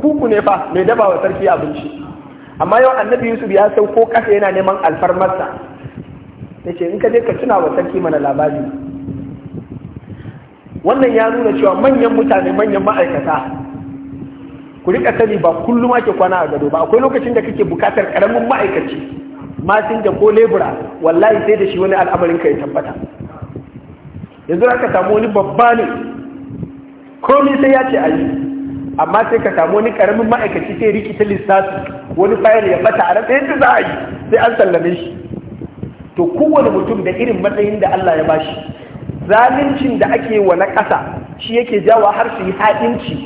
kuku ne fa mai daba sarki abinci amma yau annabi yusuf ya sauko kasa yana neman alfarmarsa ya ce in ka je ka tuna wa sarki mana labari wannan ya nuna cewa manyan mutane manyan ma'aikata ku rika sani ba kullum ake kwana a gado ba akwai lokacin da kake bukatar karamin ma'aikaci masinja ko lebura wallahi sai da shi wani al'amarin ka ya tabbata yanzu za ka samu wani babba ne komai sai ya ce a yi amma sai ka samu wani karamin ma'aikaci sai rikita lissafi wani bayan ya bata a nan yadda za a yi sai an sallame shi to kowane mutum da irin matsayin da Allah ya ba shi zaluncin da ake wa na ƙasa shi yake jawa har su yi haɗinci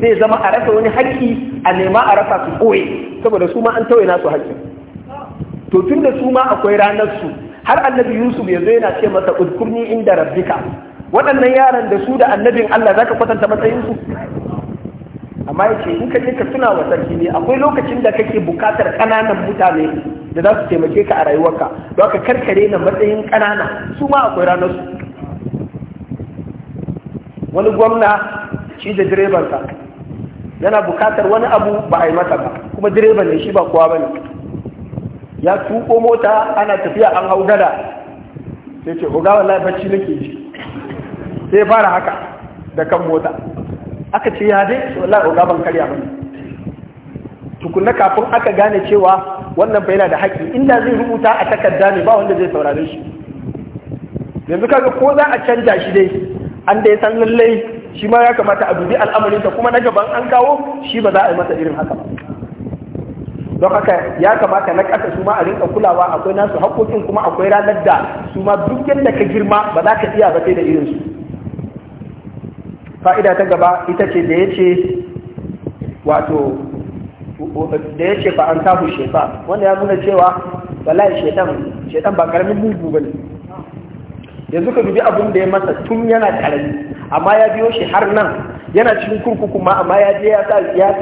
zai zama a rasa wani haƙƙi a nema a rasa su ɓoye saboda su ma an tauye nasu haƙƙi to tun da su ma akwai ranar su har annabi yusuf ya zo yana ce masa udkurni inda rabbika waɗannan yaran da su da annabin Allah zaka kwatanta matsayin su? amma yace in ka je ka tuna wa sarki ne akwai lokacin da kake bukatar kananan mutane da za su taimake ka a rayuwarka don ka karkare na matsayin kanana su ma akwai ranar su wani gwamna shi da direbansa yana bukatar wani abu ba a yi mata ba kuma direban ne shi ba kowa ba ne ya tuko mota ana tafiya an hau gada sai ce ogawa wallahi nake ji sai fara haka da kan mota aka ce ya dai Allah oga ban karya bane tukunna kafin aka gane cewa wannan fa yana da haƙƙi inda zai rubuta a takarda ne ba wanda zai saurare shi yanzu kaga ko za a canja shi dai an da ya san lallai shi ma ya kamata a dubi ta kuma na gaban an kawo shi ba za a yi masa irin haka ba don haka ya kamata na ƙasa su ma a rinka kulawa akwai nasu haƙƙoƙin kuma akwai ranar da su ma duk yadda ka girma ba za ka iya ba sai da irinsu fa'ida ta gaba ita ce da yace wato da ce ba an tabu shefa wanda ya nuna cewa bala'i shetan shetan ba karamin mugu ne, yanzu ka dubi abin da ya masa tun yana karami amma ya biyo shi har nan yana cikin kurkuku ma amma ya je ya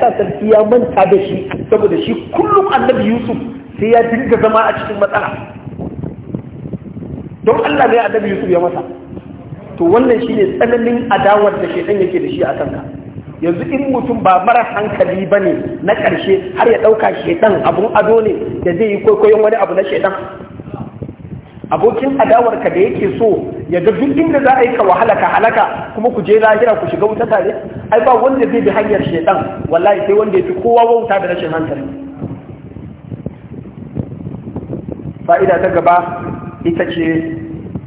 sa sarki ya manta da shi saboda shi kullum annabi yusuf sai ya dinga zama a cikin matsala don allah ne annabi yusuf ya masa to wannan shi ne tsananin adawar da shedan yake da shi a kanka yanzu in mutum ba mara hankali ba ne na ƙarshe har ya ɗauka shedan abun ado ne da zai yi kwaikwayon wani abu na shedan abokin adawarka ka da yake so ya ga duk inda za a yi ka wahala ka halaka kuma ku je lahira ku shiga wuta tare ai ba wanda zai bi hanyar shaiɗan wallahi sai wanda ya fi kowa wauta da rashin hankali fa'ida ta gaba ita ce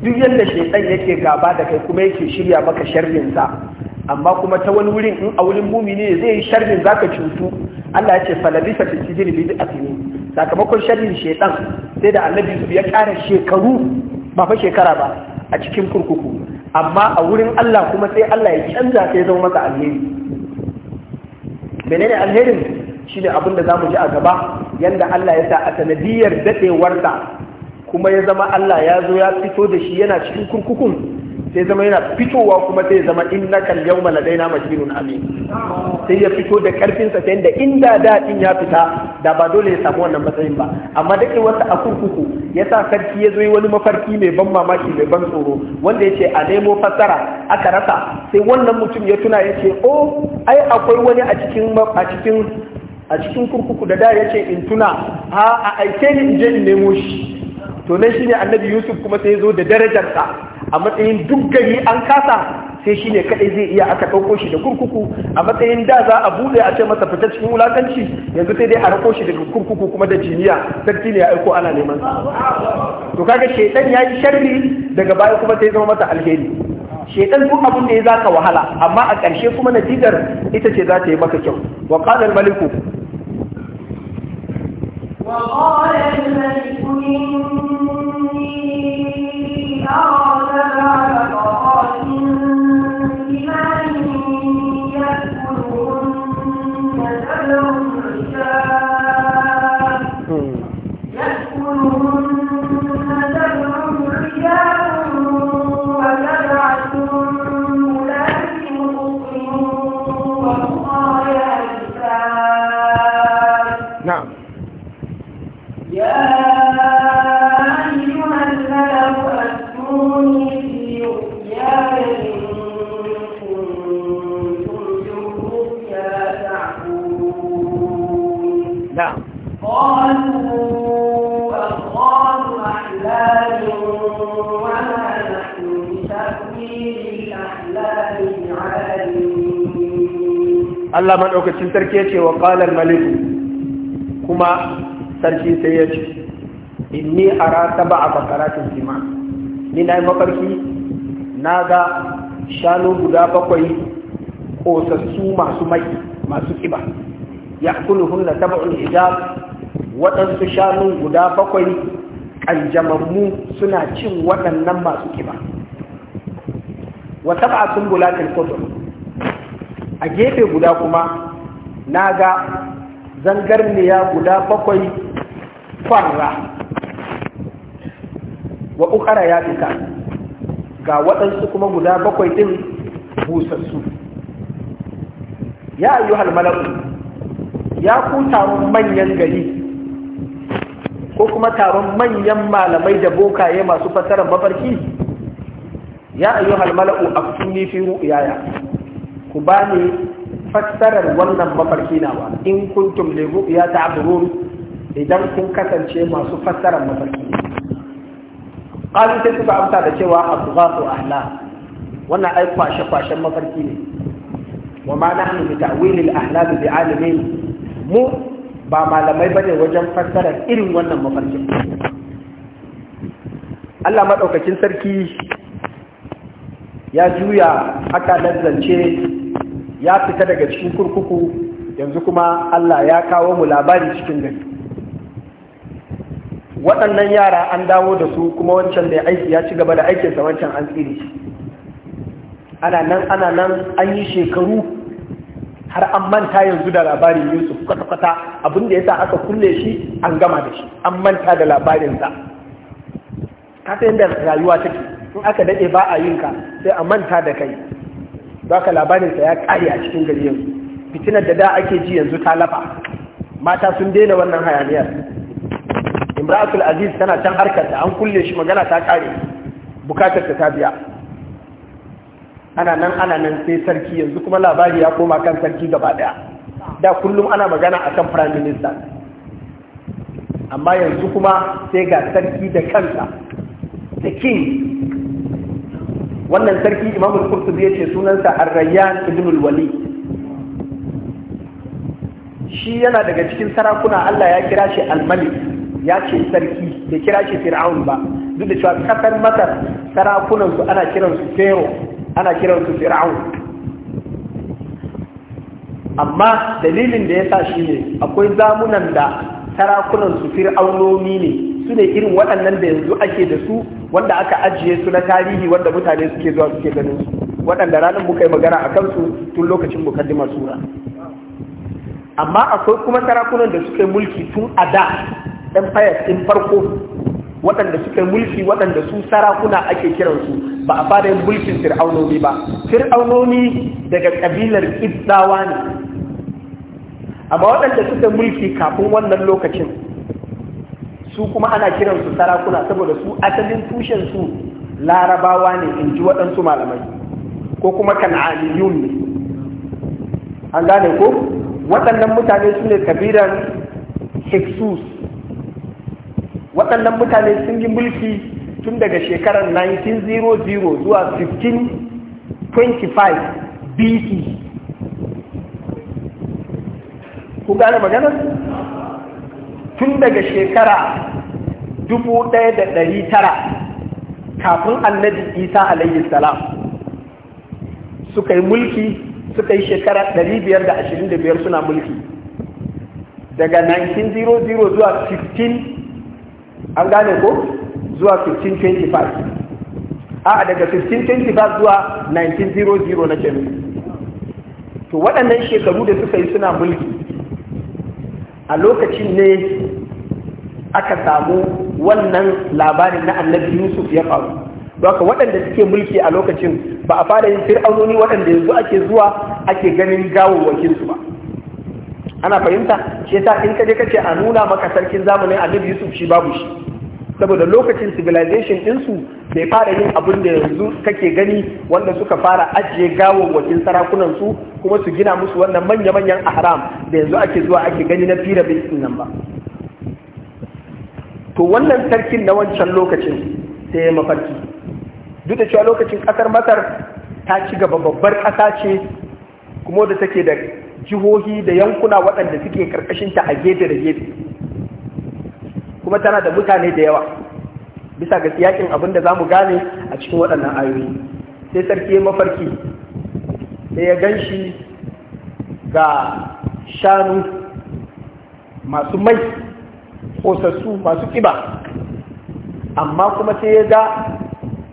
duk yadda shaitan yake gaba da kai kuma yake shirya maka sharrin sa amma kuma ta wani wurin in a wurin mumini ne zai yi sharrin zaka cutu Allah ya ce ta cikin sijil a asmi sakamakon sharrin shaitan sai da annabi ya kara shekaru ba fa shekara ba a cikin kurkuku amma a wurin Allah kuma sai Allah ya canza sai zama maka alheri menene alherin shine abin da mu ji a gaba yanda Allah ya sa a sanadiyar dadewarsa kuma ya zama Allah ya zo ya fito da shi yana cikin kurkukun sai zama yana fitowa kuma sai zama inna kal yawma ladaina majnun amin sai ya fito da karfin sa sai da inda daɗin ya fita da ba dole ya samu wannan matsayin ba amma da dake wata a kurkuku yasa sarki ya zo wani mafarki mai ban mamaki mai ban tsoro wanda yace a nemo fassara aka rasa sai wannan mutum ya tuna yace oh ai akwai wani a cikin kurkuku da da yace in tuna a aike ni in je in nemo shi to nan shine annabi yusuf kuma sai zo da darajar sa a matsayin duk gari an kasa sai shine kadai zai iya aka ɗauko shi da kurkuku a matsayin da za a bude a ce masa fita cikin wulakanci yanzu sai dai a rako shi daga kurkuku kuma da jiniya sarki ne ya aiko ana neman sa to kaga shedan ya yi sharri daga baya kuma sai zama masa alheri shedan duk abun da ya zaka wahala amma a ƙarshe kuma natijar ita ce za ta yi maka kyau wa qala al maliku Allah maɗaukacin sarki ya ce wa ƙalar maliku kuma sarki sai ya ce inni ara ta ba a bakaratin sima ni na yi mafarki na ga shanu guda bakwai ƙosassu masu mai masu ƙiba ya kulu hunna taba'ul hijab waɗansu shanu guda bakwai ƙanjamammu suna cin waɗannan masu ƙiba wa taba'a sun bulatin kotun. a gefe guda kuma na ga zangarniya guda bakwai kwarra wa ukara ya fita ga waɗansu kuma guda bakwai ɗin busassu ya yi halmalaku ya ku taron manyan gari ko kuma taron manyan malamai da bokaye masu fasarar mafarki ya yi halmalaku a fi yaya ku ba ni fassarar wannan mafarki ba in kuntum li ru'ya ta'burun idan kun kasance masu fassarar mafarki qalu sai suka amsa da cewa su ahla wannan ai kwashe kwashen mafarki ne wa ma nahnu bi ta'wil al ahlam mu ba malamai ba ne wajen fassarar irin wannan mafarkin Allah maɗaukacin sarki ya juya aka lanzance ya fita daga cikin kurkuku yanzu kuma Allah ya kawo mu labari cikin gari waɗannan yara an dawo da su kuma wancan da aiki ya ci gaba da aikin sa wancan an tsiri ana nan ana nan an yi shekaru har an manta yanzu da labarin yusuf kwata-kwata abinda ya sa aka kulle shi an gama da shi an manta da labarinsa kasa yadda rayuwa take in aka daɗe ba a yinka, sai a manta da kai za ka labarinsa ya kare a cikin gari yanzu fitinar da da ake ji yanzu ta lafa mata sun daina wannan hayaniyar imra'atul aziz tana can harkarta an kulle shi magana ta kare, bukatar ta biya ana nan ana nan sai sarki yanzu kuma labari ya koma kan sarki gaba ɗaya da kullum ana magana akan prime minister amma yanzu kuma sai ga sarki da kansa da king wannan sarki imamu kurtu zai ce sunansa Ar-Rayyan ibn wali shi yana daga cikin sarakuna Allah ya kira shi al ya ce sarki bai kira shi Fir'aun ba duk da cewa kasar Masar sarakunansu ana kiransu fero ana kiransu Fir'aun amma dalilin da ya sa shi ne akwai zamunan da sarakunan su fir'aunomi ne su ne irin waɗannan da yanzu ake da su wanda aka ajiye su na tarihi wanda mutane suke zuwa suke ganin su waɗanda ranar muka yi magana a kansu tun lokacin mukaddimar sura amma akwai kuma sarakunan da suka yi mulki tun a da empires ɗin farko waɗanda suka yi mulki waɗanda su sarakuna ake kiransu ba a fara yin mulkin fir'aunomi ba fir'aunomi daga ƙabilar ibdawa ne amma waɗanda suka mulki kafin wannan lokacin su kuma ana kiransu sarakuna saboda su asalin tushen su larabawa ne in ji waɗansu malamai ko kuma kan'aniyun ne an gane ko waɗannan mutane su ne kabiran hexus waɗannan mutane sun yi mulki tun daga shekarar 1900 zuwa 1525 BC ku gane maganar tun daga shekara dubu ɗaya da ɗari tara kafin annabi isa alayhi salam suka yi mulki suka yi shekara ɗari biyar da ashirin da biyar suna mulki daga 1900 zuwa 15 an gane ko zuwa 1525 a daga 1525 zuwa 1900 na kenan to waɗannan shekaru da suka yi suna mulki a lokacin ne aka samu wannan labarin na annabi yusuf ya faru Doka waɗanda suke mulki a lokacin ba a fara yin fir'aunoni waɗanda yanzu ake zuwa ake ganin su ba ana fahimta shi yasa in kaje kace a nuna maka sarkin zamanin annabi yusuf shi babu shi saboda lokacin civilization ɗinsu bai fara yin abin da yanzu kake gani wanda suka fara ajiye gawawwakin sarakunansu kuma su gina musu wannan manya-manyan ahram da yanzu ake zuwa ake gani na pyramid ɗin nan ba to wannan sarkin na wancan lokacin sai ya mafarki duk da cewa lokacin ƙasar masar ta ci gaba babbar ƙasa ce kuma da take da jihohi da yankuna waɗanda suke ƙarƙashinta a gefe da gefe kuma tana da mutane da yawa bisa ga siyakin abin da za mu gane a cikin waɗannan ayoyi sai sarki mafarki sai ya gan shi ga shanu masu mai ƙosassu masu ƙiba amma kuma sai ya ga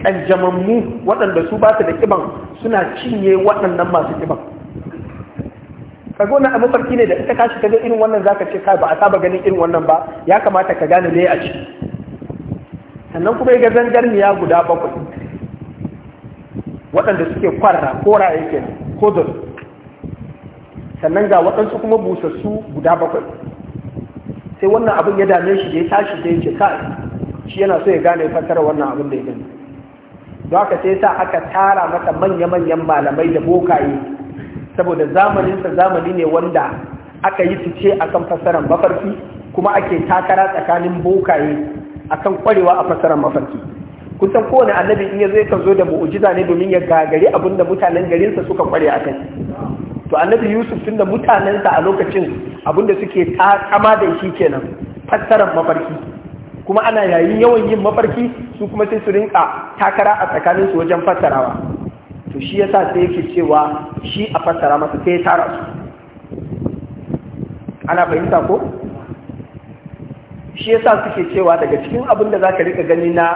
ƙanjamammu waɗanda su ba su da ƙiban suna cinye waɗannan masu ƙiban kaga wannan abu farki ne da ita kashi kaga irin wannan zaka ce kai ba a saba ganin irin wannan ba ya kamata ka gane me a ciki sannan kuma ga zangar zangarniya guda bakwai waɗanda suke kwarra kora yake kodon sannan ga waɗansu kuma busassu guda bakwai sai wannan abin ya dame shi da ya tashi da ya ce kai shi yana so ya gane fassara wannan abin da ya gani don haka sai sa aka tara masa manya-manyan malamai da bokaye saboda zamaninsa zamani ne wanda aka yi fice akan fasaran mafarki kuma ake takara tsakanin bokaye kan kwarewa a fasaran mafarki kusan kowane annabi in ya zai zo da mu'ujiza ne domin ya gagari abin da mutanen garinsa suka kware a kai to annabi yusuf tun da mutanensa a lokacin abin da suke kama da shi kenan fasaran mafarki kuma ana yayin yawan yin mafarki su kuma sai su rinka takara a tsakaninsu wajen fassarawa to shi yasa sai yake cewa shi a fassara masa sai ya tara su ana fahimta ko shi yasa suke cewa daga cikin abin da zaka rika gani na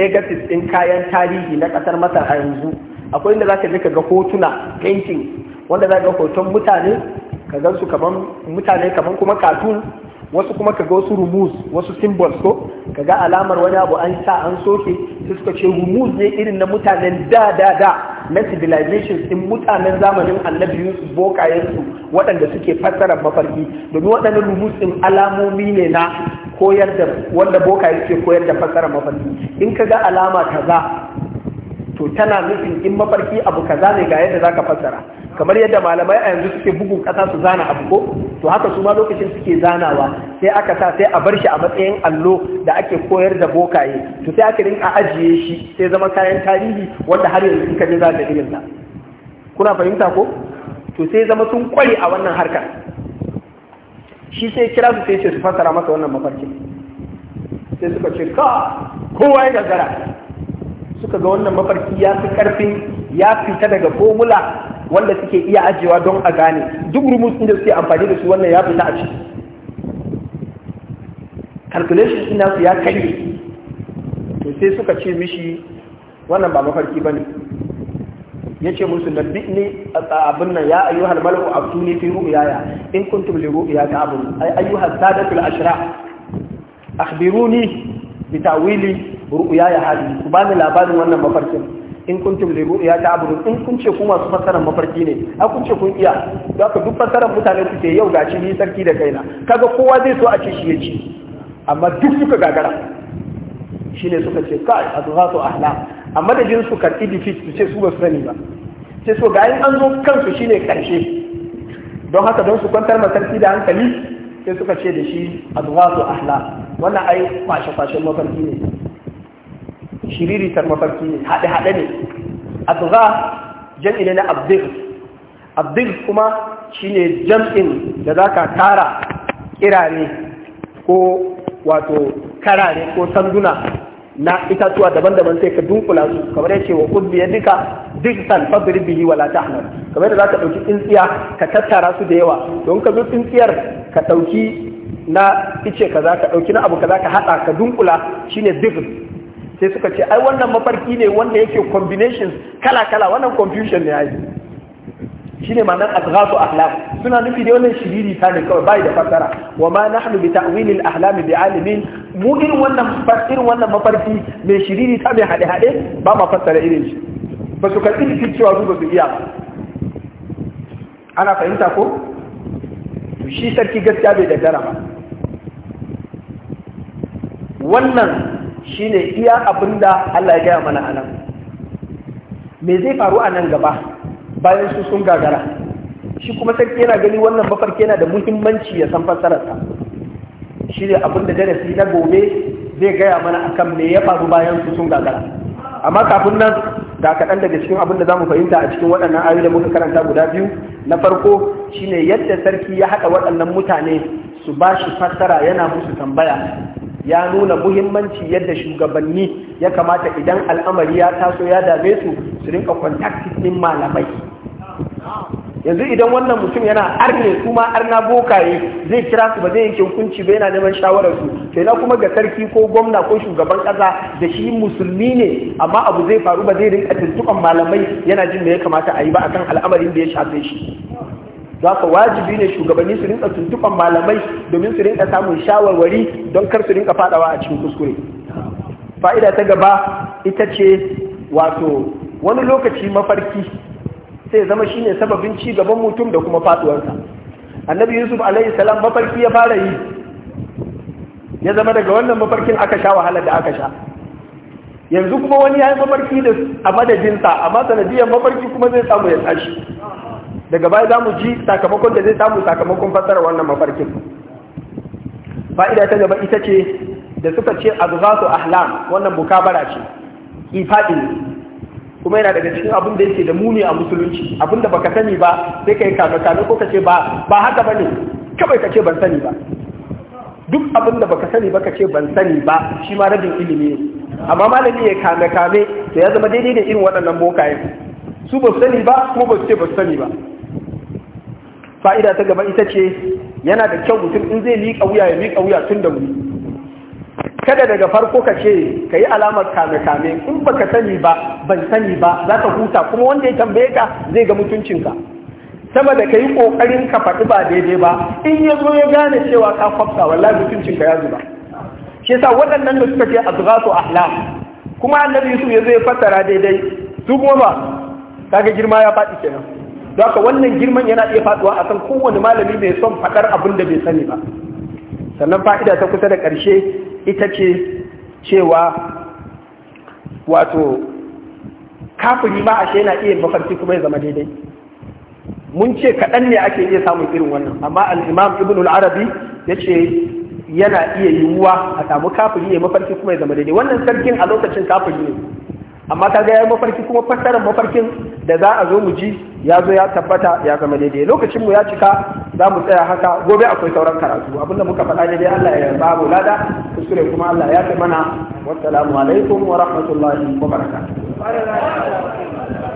legacies din kayan tarihi na kasar Masar a yanzu akwai inda zaka rika ga hotuna painting wanda zaka ga hoton mutane ka gan su kaman mutane kaman kuma cartoon wasu kuma kaga wasu rumus wasu symbols ko ka ga alamar wani abu an sa an soke su suka ce rumus ne irin na mutanen da da da na civilizations din mutanen zamanin annabi Yusuf bokayensu waɗanda suke fassara mafarki domin waɗannan rumus din alamomi ne na koyar da wanda bokayen suke koyar da fassara mafarki in ka ga alama kaza to tana nufin in mafarki abu kaza ne ga yadda zaka fassara kamar yadda malamai a yanzu suke bugun ƙasa su zana abu ko to haka su ma lokacin suke zanawa sai aka sa sai a bar shi a matsayin allo da ake koyar da bokaye to sai aka rinka ajiye shi sai zama kayan tarihi wanda har yanzu suka ji za da irin sa kuna fahimta ko to sai zama sun kware a wannan harkar shi sai kira su sai ce su fassara masa wannan mafarkin sai suka ce ka kowa ya gagara suka ga wannan mafarki ya fi karfin ya fita daga formula wanda suke iya ajiyewa don a gane duk rumus inda suke amfani da su wannan ya fita a ciki calculation ina su ya kai to sai suka ce mishi wannan ba mafarki bane ya ce musu nabi ne abin nan ya ayyuhal malaku abduni fi ru'yaya in kuntum li ta abun ay ayyuhal sadatul ashra akhbiruni bi ta'wili ya hadi ku bani labarin wannan mafarkin in kuntum li ru'ya ta'budun in kun ce kuma su fassara mafarki ne a kun ce kun iya za ka duk fasaran mutane su ke yau ga shi ni sarki da kaina kaga kowa zai so a ce shi ya ci amma duk suka gagara Shi ne suka ce kai su ahla amma da jin su karɓi defeat su ce su ba su sani ba ce so ga an zo kansu ne karshe don haka don su kwantar ma sarki da hankali sai suka ce da shi a zuwa su ahla wannan ai kwashe kwashen mafarki ne Shiriri mafarki ne haɗe-haɗe ne abduga jam'i ne na abdir abdir kuma shine jam'in da za ka tara kirare ko wato karare ko sanduna na itatuwa daban-daban sai ka dunkula su kamar ce wa duk san diktan fadri wa wala ahmad kamar da ka ɗauki tsintsiya ka tattara su da yawa don ka zo tsintsiyar ka ɗauki na ice kaza ka ɗauki na abu kaza ka haɗa ka dunkula shine diktan sai suka ce ai wannan mafarki ne wanda yake combinations kala-kala wannan confusion ne ai shi ne ma'anar azghasu ahlam suna nufi da wannan shiriri ta ne kawai bai da fassara wa ma nahnu bi ta'wil al ahlam bi alimin mu irin wannan fasir wannan mafarki mai shiriri ta mai hade hade ba ma fassara irin shi ba su karbi fi cewa su ba su iya ba ana fahimta ko shi sarki gaskiya bai da ba wannan Shi ne iya abin da Allah ya gaya mana anan me zai faru a nan gaba bayan su sun gagara shi kuma sarki yana gani wannan mafarki yana da muhimmanci ya san fassararsa shi ne abin da darasi na gobe zai gaya mana a kan me ya faru bayan su sun gagara amma kafin nan ga kaɗan daga cikin abin da za mu fahimta a cikin waɗannan ayoyi da muka karanta guda biyu na farko shi ne yadda sarki ya haɗa waɗannan mutane su ba shi fassara yana musu tambaya ya nuna muhimmanci yadda shugabanni ya kamata idan al'amari ya taso ya dame su su rinka kontaktin din malamai yanzu idan wannan mutum yana arne su ma arna bokaye zai kira su ba zai yanke hukunci ba yana neman shawarar su sai na kuma ga sarki ko gwamna ko shugaban ƙasa da shi musulmi ne amma abu zai faru ba zai rinka tuntuɓan malamai yana jin da ya kamata a yi ba akan al'amarin da ya shafe shi za ka wajibi ne shugabanni su rinka tuntuɓar malamai domin su rinka samun shawarwari don kar su rinka fadawa a cikin kuskure fa'ida ta gaba ita ce wato wani lokaci mafarki sai zama shine sababin ci gaban mutum da kuma faduwarsa annabi yusuf alaihi salam mafarki ya fara yi ya zama daga wannan mafarkin aka sha wahalar da aka sha yanzu kuma wani ya yi mafarki da a madadinsa amma sanadiyar mafarki kuma zai samu ya tashi daga baya za mu ji sakamakon da zai samu sakamakon fassara wannan mafarkin fa'ida ta gaba ita ce da suka ce su ahlam wannan bukabara ce ifadi kuma yana daga cikin abin da yake da muni a musulunci abin da baka sani ba sai kai kaga kame ko kace ba ba haka bane kawai kace ban sani ba duk abin da baka sani ba kace ban sani ba shi ma rabin ilimi ne amma malami ya kame kame to ya zama daidai da irin waɗannan bokayen su ba sani ba kuma ba su ce ba sani ba fa'ida ta gaba ita ce yana da kyau mutum in zai liƙa wuya ya liƙa wuya tun da wuri kada daga farko ka ce ka yi alamar kame-kame in baka sani ba ban sani ba za ka huta kuma wanda ya tambaye ka zai ga mutuncinka saboda ka yi ƙoƙarin ka faɗi ba daidai ba in ya zo ya gane cewa ka kwafta wallahi mutuncinka ya zuba shi yasa waɗannan da suka ce a azghatu ahlam kuma annabi Yusuf ya zo ya fassara daidai su kuma ba ga girma ya faɗi kenan don haka wannan girman yana iya faduwa kan kowane malami mai son faɗar abin da bai sani ba sannan fa'ida ta kusa da ƙarshe ita ce cewa wato kafiri ma shi yana iya mafarki kuma ya zama daidai mun ce kaɗan ne ake iya samun irin wannan amma al'imam ibn al'arabi ya ce yana iya yiwuwa a samu kafiri ya mafarki kuma ya zama daidai wannan sarkin a lokacin kafiri ne amma ta gaya mafarki kuma fassarar mafarkin da za a zo mu ji ya zo ya tabbata ya zama daidai lokacin mu ya cika za mu tsaya haka gobe akwai sauran karatu abinda muka faɗa ne dai Allah ya yarda mu lada kuskure kuma Allah ya kai mana wassalamu alaikum wa rahmatullahi wa barakatuh